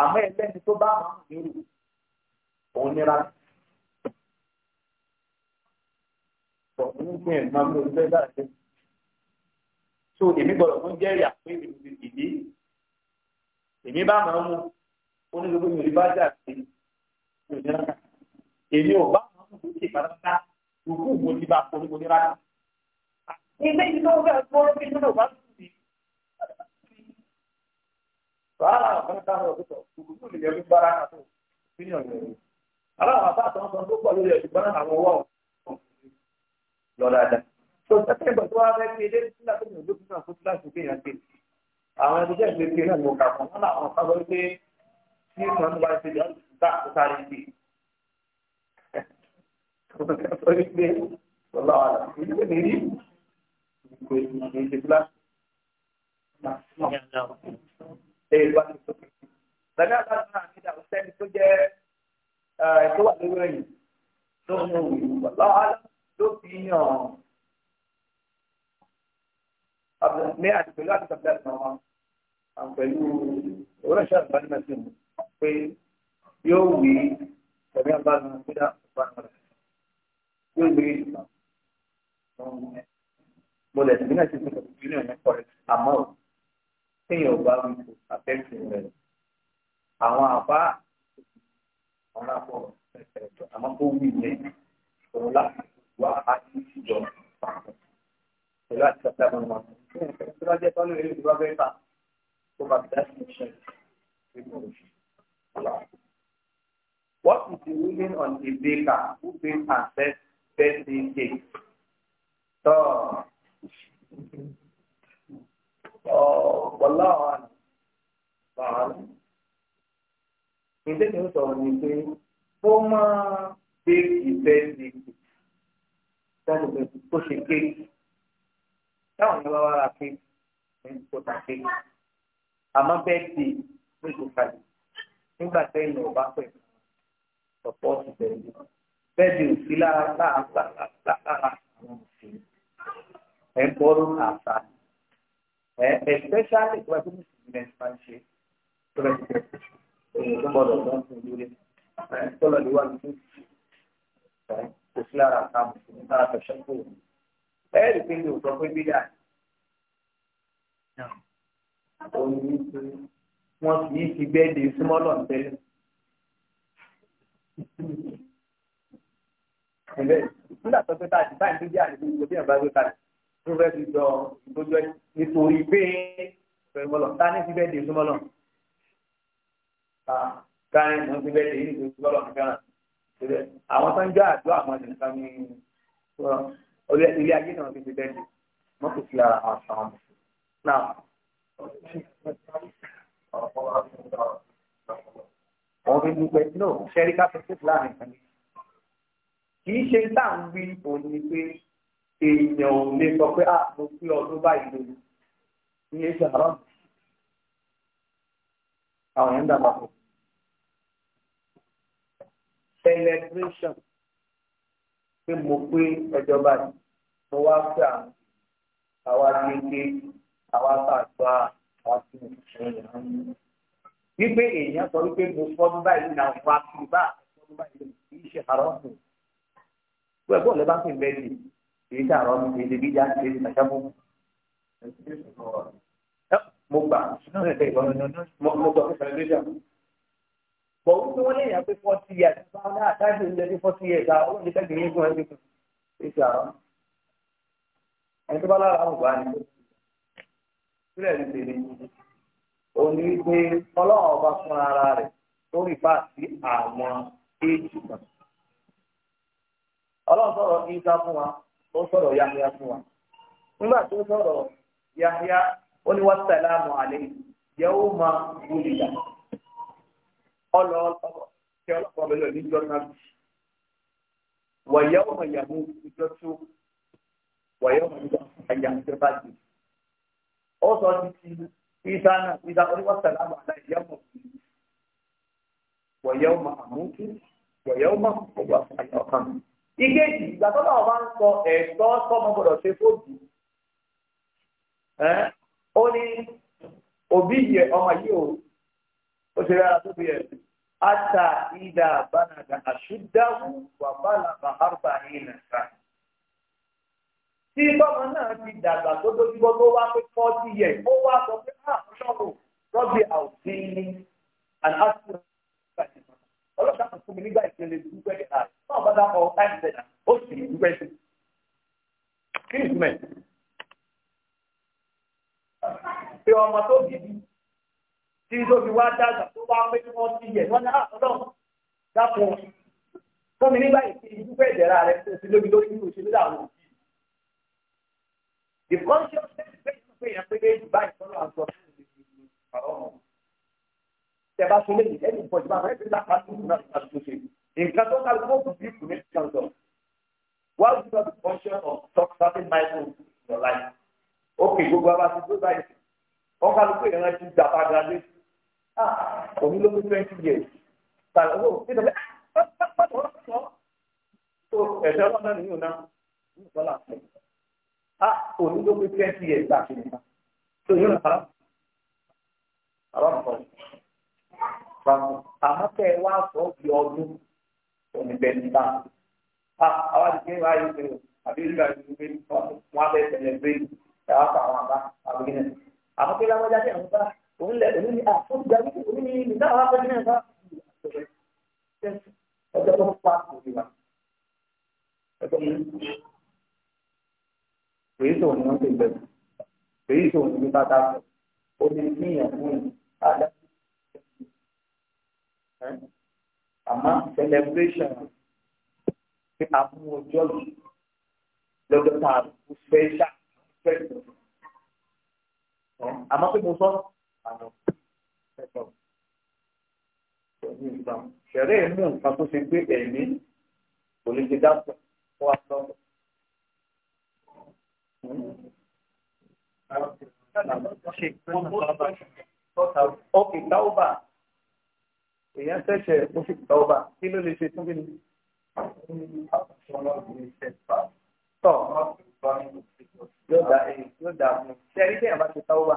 Speaker 1: àmọ́ ẹlẹ́ni tó bá àwọn nírú òun ní rárá. ọ̀hún ń pè é máa ń lo ìfẹ́ dáadáa tó èmi gbọ́dọ̀ fún jẹ́rìí àpò èmi ti dìde èmi bá máa mú onígbogbo mi rí bá jà sí èmi ò bá máa mú lókè pátápátá lùkù mo ti bá polówó ní rárá. ilé yìí tó fẹ́ gbọ́rọ́ bí nínú bá tù sí. wàhálà àwọn ọ̀gá ọ̀gá ọ̀gá lùkù tó lè yẹ kó bára kà tó sí ní ọ̀yọ́ yìí. aláwọ̀ àbá àtọ̀ ń sọ tó pọ̀ lórí ẹ̀ ṣùgbọ́n àwọn ọwọ́ ọ̀hún tó sẹ́tẹ̀gbọ̀n tó wá fẹ́ fi ilé sílẹ̀ tó yàn lókun náà fún kíláàsì pé yàn gbé àwọn ẹni jẹ́ ìgbé pé náà ló kà fún wọn àwọn kan sọ pé tí ìmọ̀ nípa ṣe jọ ìta àkótárí sí i pé lọ́la wà láti ilé pé nìyí ìgbé ìgbé ṣe kíláàsì. Dàbí àgbàdo náà ní ìdàgbàsọ ẹni tó jẹ́ ẹ̀ tó wà lórí ẹ̀yìn tó ń wù wà lọ́wọ́ ló fi yàn ní àtìpẹ̀lú àtìpẹ̀lú àtìpẹ̀lú àpẹ̀lú oríṣi àgbáyé náà sí mu pé yóò wí tẹ̀lé àbánu ní àbánu rẹ̀ yóò wí ìgbà mo lẹ̀ sí náà sí fún ìlú ìrìn kọ̀rẹ́ àmọ́ kéèyàn bá wí fún àtẹ́sí rẹ̀ àwọn àbá ọ̀nà àpọ̀ àmọ́ kó wí yẹn òun láti wá àti ìjọba pẹ̀lú àti ọ̀sẹ̀ àwọn ọmọ tó bá jẹ́ tọ́lú ìlú ìlú ọgbẹ́ ìta tó bá bẹ̀rẹ̀ sí ṣe What is the reason on the baker who been access bake birthday So, wọ́lá wa ni bàálù. Ìdí ìdí sọ̀rọ̀ ni pé ó máa bake the birthday cake. Sọ́dọ̀ bẹ́ẹ̀ kó ṣe kéèkì táwọn yẹn bá wá ra pé ní kò tà pé àmọ́ bẹ́ẹ̀ di ní kò kalẹ̀ nígbà tẹ́yìn ọba pẹ̀lú ọ̀pọ̀ ọ̀sùn bẹ́ẹ̀ di bẹ́ẹ̀ di òsì lára lára lára àwọn òsì ẹ̀ ń àṣà ẹ̀ especially ìgbà tó ní ìsinmi ẹ̀ máa ń ṣe tó lọ sí ẹ̀ tó gbọ́dọ̀ tó ń fún lórí ẹ̀ tó lọ lè wá lórí ẹ̀ kò sí lára àṣà àmọ̀ sí ní sára tẹ̀sán kúrò ẹ̀rí pé mi ò sọ pé bídà wọ́n kì í fi bẹ́ẹ̀dì súnmọ́lọ̀ tẹ́lẹ̀. ẹ̀bẹ̀ nígbà tó pé táàdì báyìí tó jẹ́ àdìgbò ìgbò bí ẹ̀bá gbé kalẹ̀ tó fẹ́ fi jọ ìtọ́jú ẹ̀ nítorí pé súnmọ́lọ̀ ta ní fi bẹ́ẹ̀dì súnmọ́lọ̀ káyọ̀ ní fi bẹ́ẹ̀dì yìí súnmọ́lọ̀ nìkan àwọn tó ń jẹ́ àdúrà àwọn ẹ̀ka ní ilé ayé náà fi ti bẹ́ẹ̀ ni wọ́n kò fi ara àwọn àṣà wọn mọ̀. náà fi dúpẹ́ náà ṣẹ́rí ká fẹ́ sípò láàrin kan ní. kì í ṣe tá à ń wí òun ni pé èèyàn ò lè sọ pé à ah, mo fi ọdún báyìí lónìí ní ẹ̀ṣẹ̀ àárọ̀ àwọn yẹn ń dàgbà pọ̀. celebration pé mo pé ẹjọ́ báyìí mo wá gbà àwa yege àwa tá a gbà àwa tí mo fi ṣe ìyá mi. wípé èèyàn sọ wípé mo fọdún báyìí ní àwọn wa kiri bá fọdún báyìí kì í ṣe àrọ́ mi. wọ́n ẹ̀gbọ́n lẹ́bàá sì bẹ́ẹ̀ ni èyí tí àrọ́ mi ṣe bíjà kì í ṣe àṣàmú. mo gbà mo gbà fún sanitation. bọ̀ wípé wọ́n léèyàn pé forty years báwọn náà táìpì ń lé ní forty years àwọn olùdíkẹ́ gbìyànjú ẹ̀ ń ṣe àrọ́ ẹni tó bá lára àwọn ọgbà ni sílẹ̀ ní tèmi ọba fún ara rẹ̀ tó rí bá sí àwọn éèjì kan ọlọ́run sọ̀rọ̀ ìta fún wa ó sọ̀rọ̀ yáyá fún wa nígbà tó sọ̀rọ̀ yáyá ó ní wá sàlámù àlẹ́ yẹ ó máa dà náà wọ̀nyẹ́ wọn nígbà ẹ̀yà ìjọ bá di. ó sọ ti ti ìdá náà ìdá oníwà sàlámù àná ìyá mọ̀ wọ̀nyẹ́ wọn àmútú wọ̀nyẹ́ wọn ọgbà àyà ọ̀kan. ìkejì ìgbà tó náà bá ń sọ ẹ̀tọ́ sọ́mọ gbọ́dọ̀ ṣe fóòdù ó ní òbí yẹ ọmọ yìí o ó ṣe rárá tó fi yẹ ata ìdá bánàgà àṣùdáwù wà bálàbà àrùbá yìí nà sáà. tí bọ́mọ náà ti dàgbà tó dojúbọ́ tó wá pé fọ́ọ̀tì yẹ ó wá sọ pé náà ṣọ́ọ̀bù rọ́bì àwùjọ ní àlàáfíà ọlọ́dà kan fún mi nígbà ìpínlẹ̀ dúpẹ́ ẹ̀ka náà bá dákọ̀ láì sẹ̀dá ó sì dúpẹ́ sí kí ni ìtumẹ̀ pé ọmọ tó gidi tí tó fi wá dàgbà tó wá pé fọ́ọ̀tì yẹ wọ́n náà ah, ọlọ́run dákun fún mi nígbà ìpínlẹ̀ dúpẹ́ ẹ̀dẹ̀ra The consciousness based on prayer pé báyìí sọ́nà àtọ̀ fún ìdíje ọ̀rọ̀ ọ̀hún. Tẹ̀bá sọ lẹ́yìn ẹni ìpọ̀jù bá rẹ̀ nígbà kan tó náà nígbà tó ṣe. Nǹkan tó ká ló kù bí kù ní ìtàǹtọ̀. Why would you not be conscious of talk something mindful in your life? Okay, gbogbo àbá ti gbé báyìí. Wọ́n ká ló pé ìran ti gbà padà Ah, òun ló ní twenty years. Tàbí owó nítorí pátọ̀ So ẹ̀sẹ̀ ọlọ́run náà nìyí ò náà ní Ah, òní ló pé twenty years gbà sí nípa. So yóò nàá àwọn kan. Bàmù àmọ́ kẹ́ ẹ wá sọ bí ọdún oníbẹ̀ni bá. Àwọn àdìgbé wa yóò ṣe o, àbí ìlú àti ìlú pé wọ́n á bẹ̀ tẹ̀lé pé ẹ wá fún àwọn àbá àbí náà. Àmọ́ kí lágbájá sí àwọn bá òun lẹ̀ òun ní àfọ̀gbà ah, ní òun ní ìdá àwọn abẹ́rẹ́ náà bá. Ọjọ́ tó ń pa òun wà. Ọjọ́ tó ń èyí tó ní wọ́n ti gbẹ̀rù èyí tó ní bàtà ó ní níyàn fún celebration pé a mú ọjọ́ special special àmọ́ pé mo sọ àná special ṣẹ̀rẹ́ mú nǹkan tó ṣe gbé ẹ̀mí kò lè ṣe dáàbò fún Ókè táwọ́bà èèyàn ṣẹ̀ṣẹ̀ ló fi táwọ́bà kí ló lè ṣe fún kí ni. Tọ́ yóò dá eh, yóò dá fún un. Ṣé ẹni tí èèyàn bá ṣe táwọ́bà?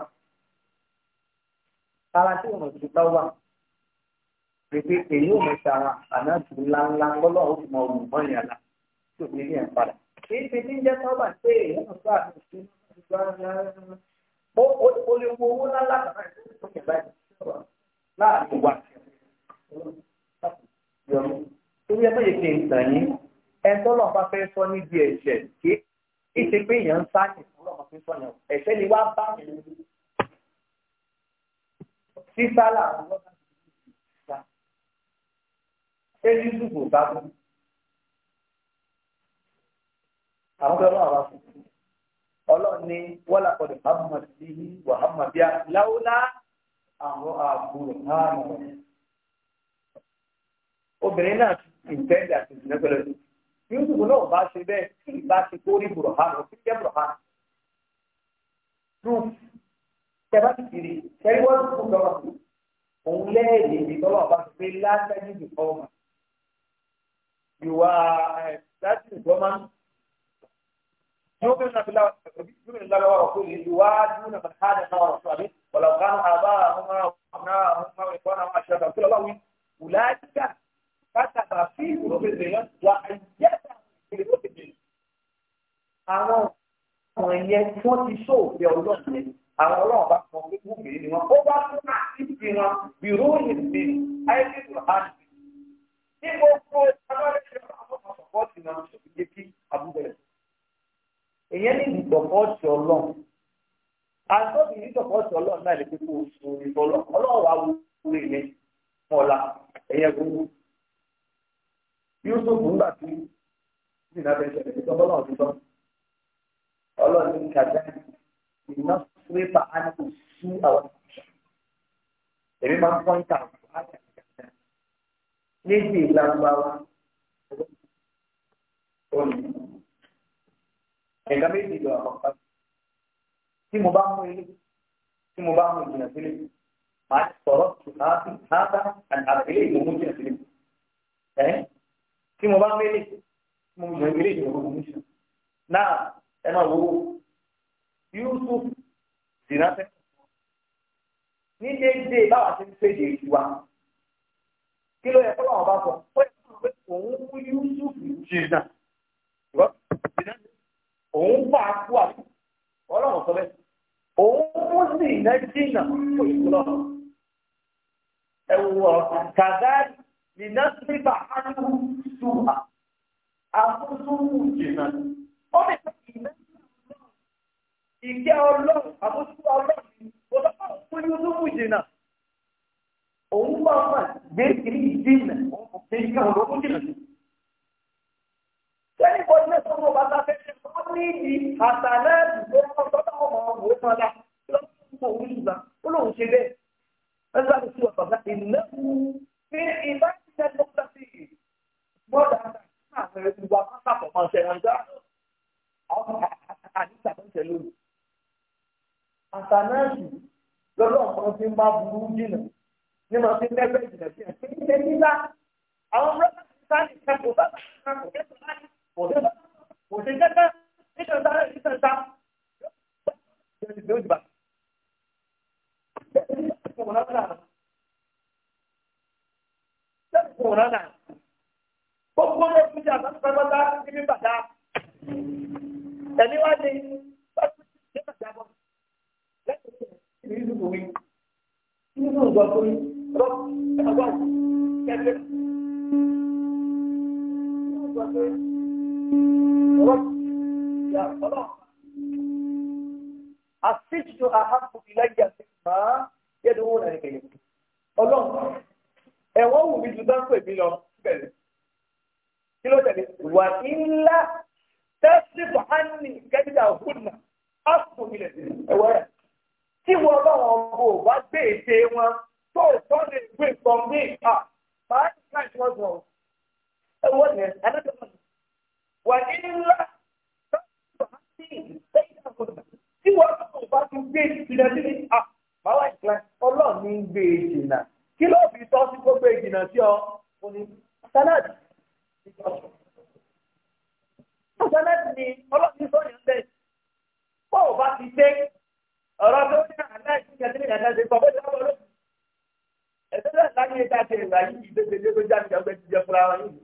Speaker 1: Ara tí òun ṣe táwọ́bà pèpè èyí ò mẹ́ta àná tù ńláńlá lọ́lọ́run ó fi mọ ọmọ ìmọ̀ ìyàlá tí òun ní ẹ̀ padà kì í fi ní jẹ́ tọ́ba pé èèyàn náà tó àmì ìṣúná ti gbá ó lè wo owó lálá kàrá ìṣúná tó kẹ̀ báyìí láàrin wa torí ẹ bẹ́ẹ̀ kì í tàn yín ẹ tọ́lọ̀ bá fẹ́ sọ níbi ẹ̀ṣẹ̀ kì í ṣe pé èèyàn ń sáàyè tọ́lọ̀ bá fẹ́ yẹn ẹ̀ṣẹ̀ ni wá bá mi sísálà ọlọ́dà ṣe yíṣùkù bá fún àwọn fẹ́ lọ́wọ́ àwọn afọ́fún ọlọ́run ní wọ́lá kọ́dọ̀ muhammad sí muhammad bíi láwùlá àwọn ààbò hàmù obìnrin náà ìfẹ́ǹdì àti ìdílé pẹ̀lú ẹ̀sìn yusuf náà bá ṣe bẹ́ẹ̀ tí ìbá ti kó rí bùrọ̀ hàmù kí jẹ́ bùrọ̀ hàmù proof tẹ́lá ti kiri tẹ́lá wọ́n ti kún lọ́wọ́ òun lẹ́ẹ̀lì ìtọ́wọ́ ọba ti pé látẹ́jú ìfọ́mà ìwà ẹ̀ látẹ́jú ìfọ́mà. يؤمنون بالله يؤمنون بالله ورسوله يوادون من حاد الله ورسوله ولو كانوا آباءهم وأبناءهم وإخوانهم أشهدهم كل الله أولئك كتب في قلوبهم وأيدهم بروحهم àwọn ọ̀ràn yẹn tí wọ́n ti sóòfin ọlọ́run yẹn àwọn ọlọ́run bá kan wípé wọ́n bèèrè ni wọn ó bá tún náà sí ti wọn bìrò yìí ní àìsíkù àti ní gbogbo ìpamọ́ ẹ̀ṣẹ̀ àwọn ọmọ sọ̀pọ̀tì náà ṣòfin yé kí abúlé rẹ̀. èyàn ní ìdọ̀kọ̀ọ̀tì ọlọ́run àtọ́bí ìdọ̀kọ̀ọ̀tì ọlọ́run náà lè kókó orí ọlọ́run ọlọ́run wà wú orí mi mọ́la ẹ̀yẹ gbogbo Yusuf ńgbà tí ìdìnnà bẹ ní sọ́kọ́ náà ti sọ ọlọ́run ní kàdá iná sípà á ní kò sí àwọn èmi máa ń níbi ìlànà wa ọlọ́run. ẹ̀ka méjì lọ àkọ́kọ́ tí mo bá mú ilé tí mo bá mú ìjìnà sílé màá ti sọ̀rọ̀ tùtàbí tàbá àtàlẹ́ ìmọ̀mú ìjìnà sílé ẹ̀ tí mo bá mú ilé tí mo mú ilé ìjìnà sílé ìjìnà náà ẹ máa wo Yusuf sinafẹ́ ní déédéé báwa ti ń fèdè ìwà kí ló yẹ kó làwọn bá sọ pé òun kú Yusuf jìnnà òun fà á kú àti ọlọ́run sọ bẹ́ẹ̀ òun mú sí iná jìnnà kó ìkúlọ̀ ẹ̀wù ọ̀rọ̀ kàdá nínà síbà ánú sùhà àbúsùwù jìnnà ó lè fẹ́ iná ìkẹ́ ọlọ́run àbúsùwù ọlọ́run kò lọ́wọ́ fún yúdúwù jìnnà òun wà gbé kiri jìnnà òun kò fi ìkẹ́ ọlọ́run jìnnà sẹ́yìn bọ́dún náà sọ́kọ́ bá bá fẹ́ nídi àtàlẹ́ẹ̀dù tó wọ́n sọ́dọ̀ ọmọ ọmọ òun ọ̀la lọ́wọ́ òun ìgbà ó lóun ṣe bẹ́ẹ̀ ẹgbẹ́ àti ìwà bàbá ìnáwó ní ìbá ìṣẹ́ democracy gbọ́dọ̀ àwọn ìwà pápákọ̀ máa ṣe ẹ̀rọ àwọn àdìsá tó ń ṣe lónìí. àtàlẹ́ẹ̀dù lọ́dọ̀ ọmọ ti ń bá burú jìnnà ní màá fi mẹ́fẹ́ jìnnà sí ẹ̀ fi ń gbé e jìnnà kí ló fi tọ́ sí gbogbo ìjìnnà tí ọ ò ní sálàdì sálàdì ni ọlọ́sìn sọ yẹn bẹ́ẹ̀ bó o bá ti dé ọ̀rọ̀ tó ní aláìsí kẹsìlẹ̀ náà ṣe gbọ́ bẹ́ẹ̀ lọ́wọ́ lóṣù ẹ̀sẹ̀ náà láyé ẹ̀ka ṣe ìgbà yìí ìdókòjé tó jáde ọgbẹ́ ti jẹ fúnra wọn yìí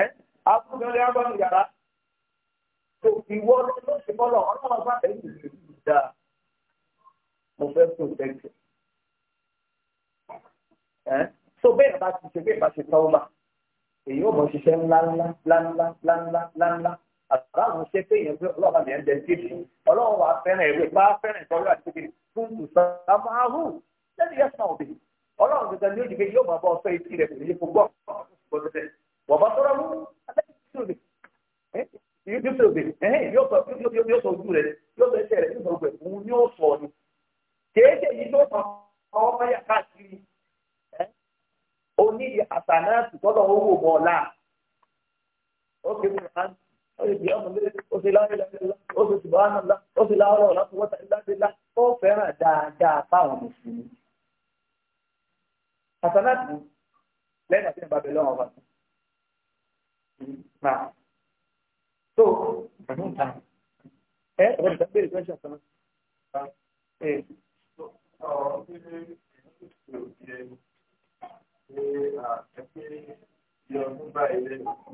Speaker 1: ẹ́ àbúrò ní agbọ́n yàrá tó ìwọ lọ́sẹ̀ bọ́lọ̀ ọlọ́wọ́ bá tẹ̀lé ìgbà mo fẹ́ protect ẹ so bẹ́ẹ̀ bá ti ṣe bẹ́ẹ̀ bá ṣe tọ́wọ́ bá èyí ò mọ̀ ṣiṣẹ́ ńláńlá ńláńlá ńláńlá ńláńlá àbáwọn ṣe pé èèyàn pé ọlọ́run àmì ẹ̀ńdẹ̀ kéde ọlọ́run wàá fẹ́ràn ẹ̀rọ ìpá fẹ́ràn ìtọ́jú àti kékeré fún ìtùsán àmọ́ àhùn lẹ́nu yẹn sàn òbí ọlọ́run tuntun ní òjì kejì yóò máa bọ́ ọ̀sọ́ etí rẹ̀ kò ní kó gbọ́ ọ̀sọ̀tẹ̀ wọ́n bá sọ̀rọ̀ mú alẹ́ yóò sọ ojú rẹ̀ yóò sọ ẹsẹ̀ rẹ̀ yóò sọ ọgbẹ̀ òun yóò sọ ni kéèké yìí ló mọ káàkiri ó ní àtàná tùtọ́lọ̀ owó mọ́ ọ̀la ó ké o si ó lè di ọmọ mi fẹ́ràn dáadáa fáwọn mùsùlùmí. àtàná lẹ́yìn àti ìbàbẹ̀ ọba So,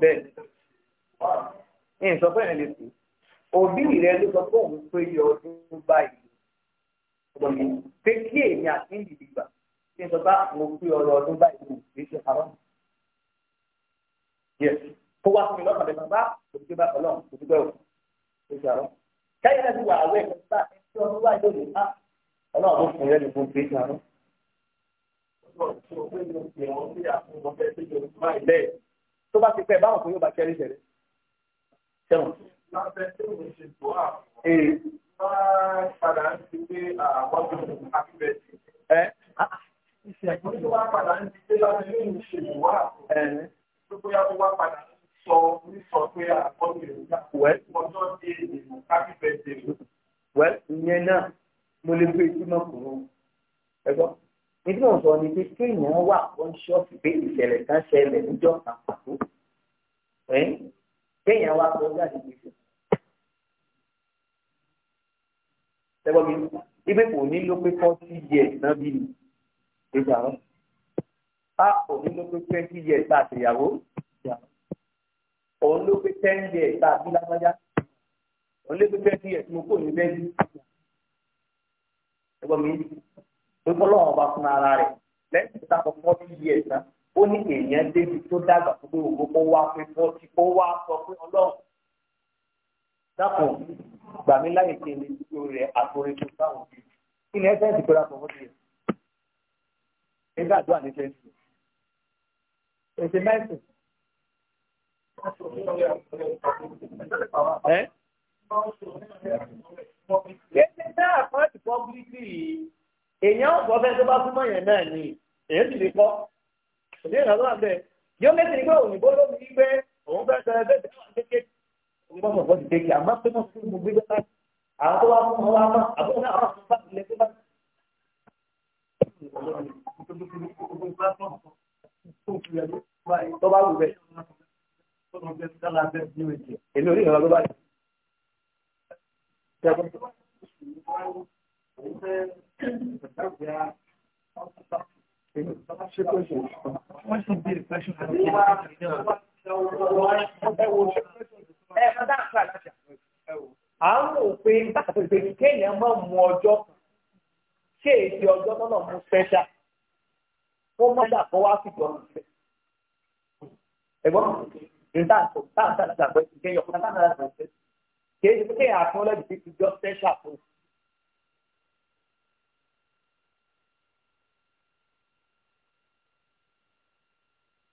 Speaker 1: bẹ́ẹ̀ ní sọ pé ẹ̀ lè sùn òbí rẹ ló sọ pé òun pé yọ ọdún báyìí ọ̀pọ̀ mi pé kí èmi àti ń dìbò gbà kí n sọ bá mo pé ọ̀rọ̀ ọdún báyìí mo fi ṣe àrọ́ kó wá fún mi lọ́kàn lẹ́nu bá òṣìṣẹ́ bá ọlọ́run kò dúpẹ́ o kò ṣe àrọ́ káyọ̀ náà ti wà àwẹ̀ ẹ̀ nípa ẹ̀ tí ọdún báyìí ló lè má ọlọ́run tó fún yẹn ní gbogbo ìgbà náà. bẹ́ẹ̀ tó bá ti fẹ́ báwọn kò yóò bá kẹ́rí tẹ̀lé. sẹ́wọ̀n. ee. padà ń ti pé àwọn tó ń happy birthday. ẹ. ìṣègùn tó wá padà ń ti pé láti ní ìṣègùn wà. tó bóyá tó wá padà sọ ní sọ pé àwọn tó ń happy birthday. wẹ́ẹ́ ìyẹn náà mo lè gbé ikú náà kúrò ẹgbọ́n ní tí mo sọ ni pé kéèyàn wà kọ́ńṣọ́ọ̀sì pé ìṣẹ̀lẹ̀ kan ṣẹlẹ̀ níjọ́ kan pàtó kéèyàn wà kọjá ìgbésẹ̀ ẹgbọ́n mi ibi kò ní ló pé forty years náà bí mi ìgbà rẹ a kò ní ló pé twenty years tá a ti yàwó òun ló pé ten years tá a bí lágbájá òun ló pé twenty years mo kò ní ẹgbẹ́ mi pé kọ́lọ́run ọba fún ara rẹ̀ lẹ́yìn tó sábà fọ́tí yíyẹ tán ó ní èèyàn débi tó dàgbà tó lóògùn kó wá pé fọ́tí kó wá sọ pé ọlọ́run dákun gbà mí láyè kí n lè fi rẹ̀ àtòrè tó sáwọn òbí kí ni ẹsẹ̀ ti kóra fọwọ́ sí nígbà tó àníṣe ń sùn èsì mẹ́sìn. ẹ́ kéde náà àkáǹtì pọ́bílítì yìí èèyàn ọ̀sọ̀ fẹ́ tó bá súnmọ́ yẹn náà ni èèyàn sì lè kọ́ òní ìrìn àlọ́ àbẹ̀ yóò mẹ́sì ní pé òyìnbó ló ní pé òun fẹ́ sọ ẹgbẹ́ ìdáwà kékeré òun bá mọ̀ fọ́ ti àmọ́ pé wọ́n fún mi gbé bá àwọn tó wá fún wọn wá mọ́ àbúrò náà wà fún báyìí lẹ́gbẹ́ bá. tó bá wù bẹ́ẹ̀ èmi ò ní ìrànlọ́wọ́ Tẹ́gbọ́n. Wọ́n ṣe ń bèrè pẹ́ṣọ́ fún mi. Ẹ̀fọ́ dáńtà láti àwọn ẹ̀wọ̀. À ń rò pé àpèpè kéèyàn máa mú ọjọ́ kan. Ṣé èsì ọjọ́ náà mú pẹ́ṣà? Ó má dà kó wá fìgbọ́ ọ̀sẹ̀. Ẹ̀gbọ́n, ìdáǹtà láti àpèpè kéèyàn kan láti àpèpè kéèyàn pé kéèyàn àtúnlẹ̀ bíi ti jọ special fún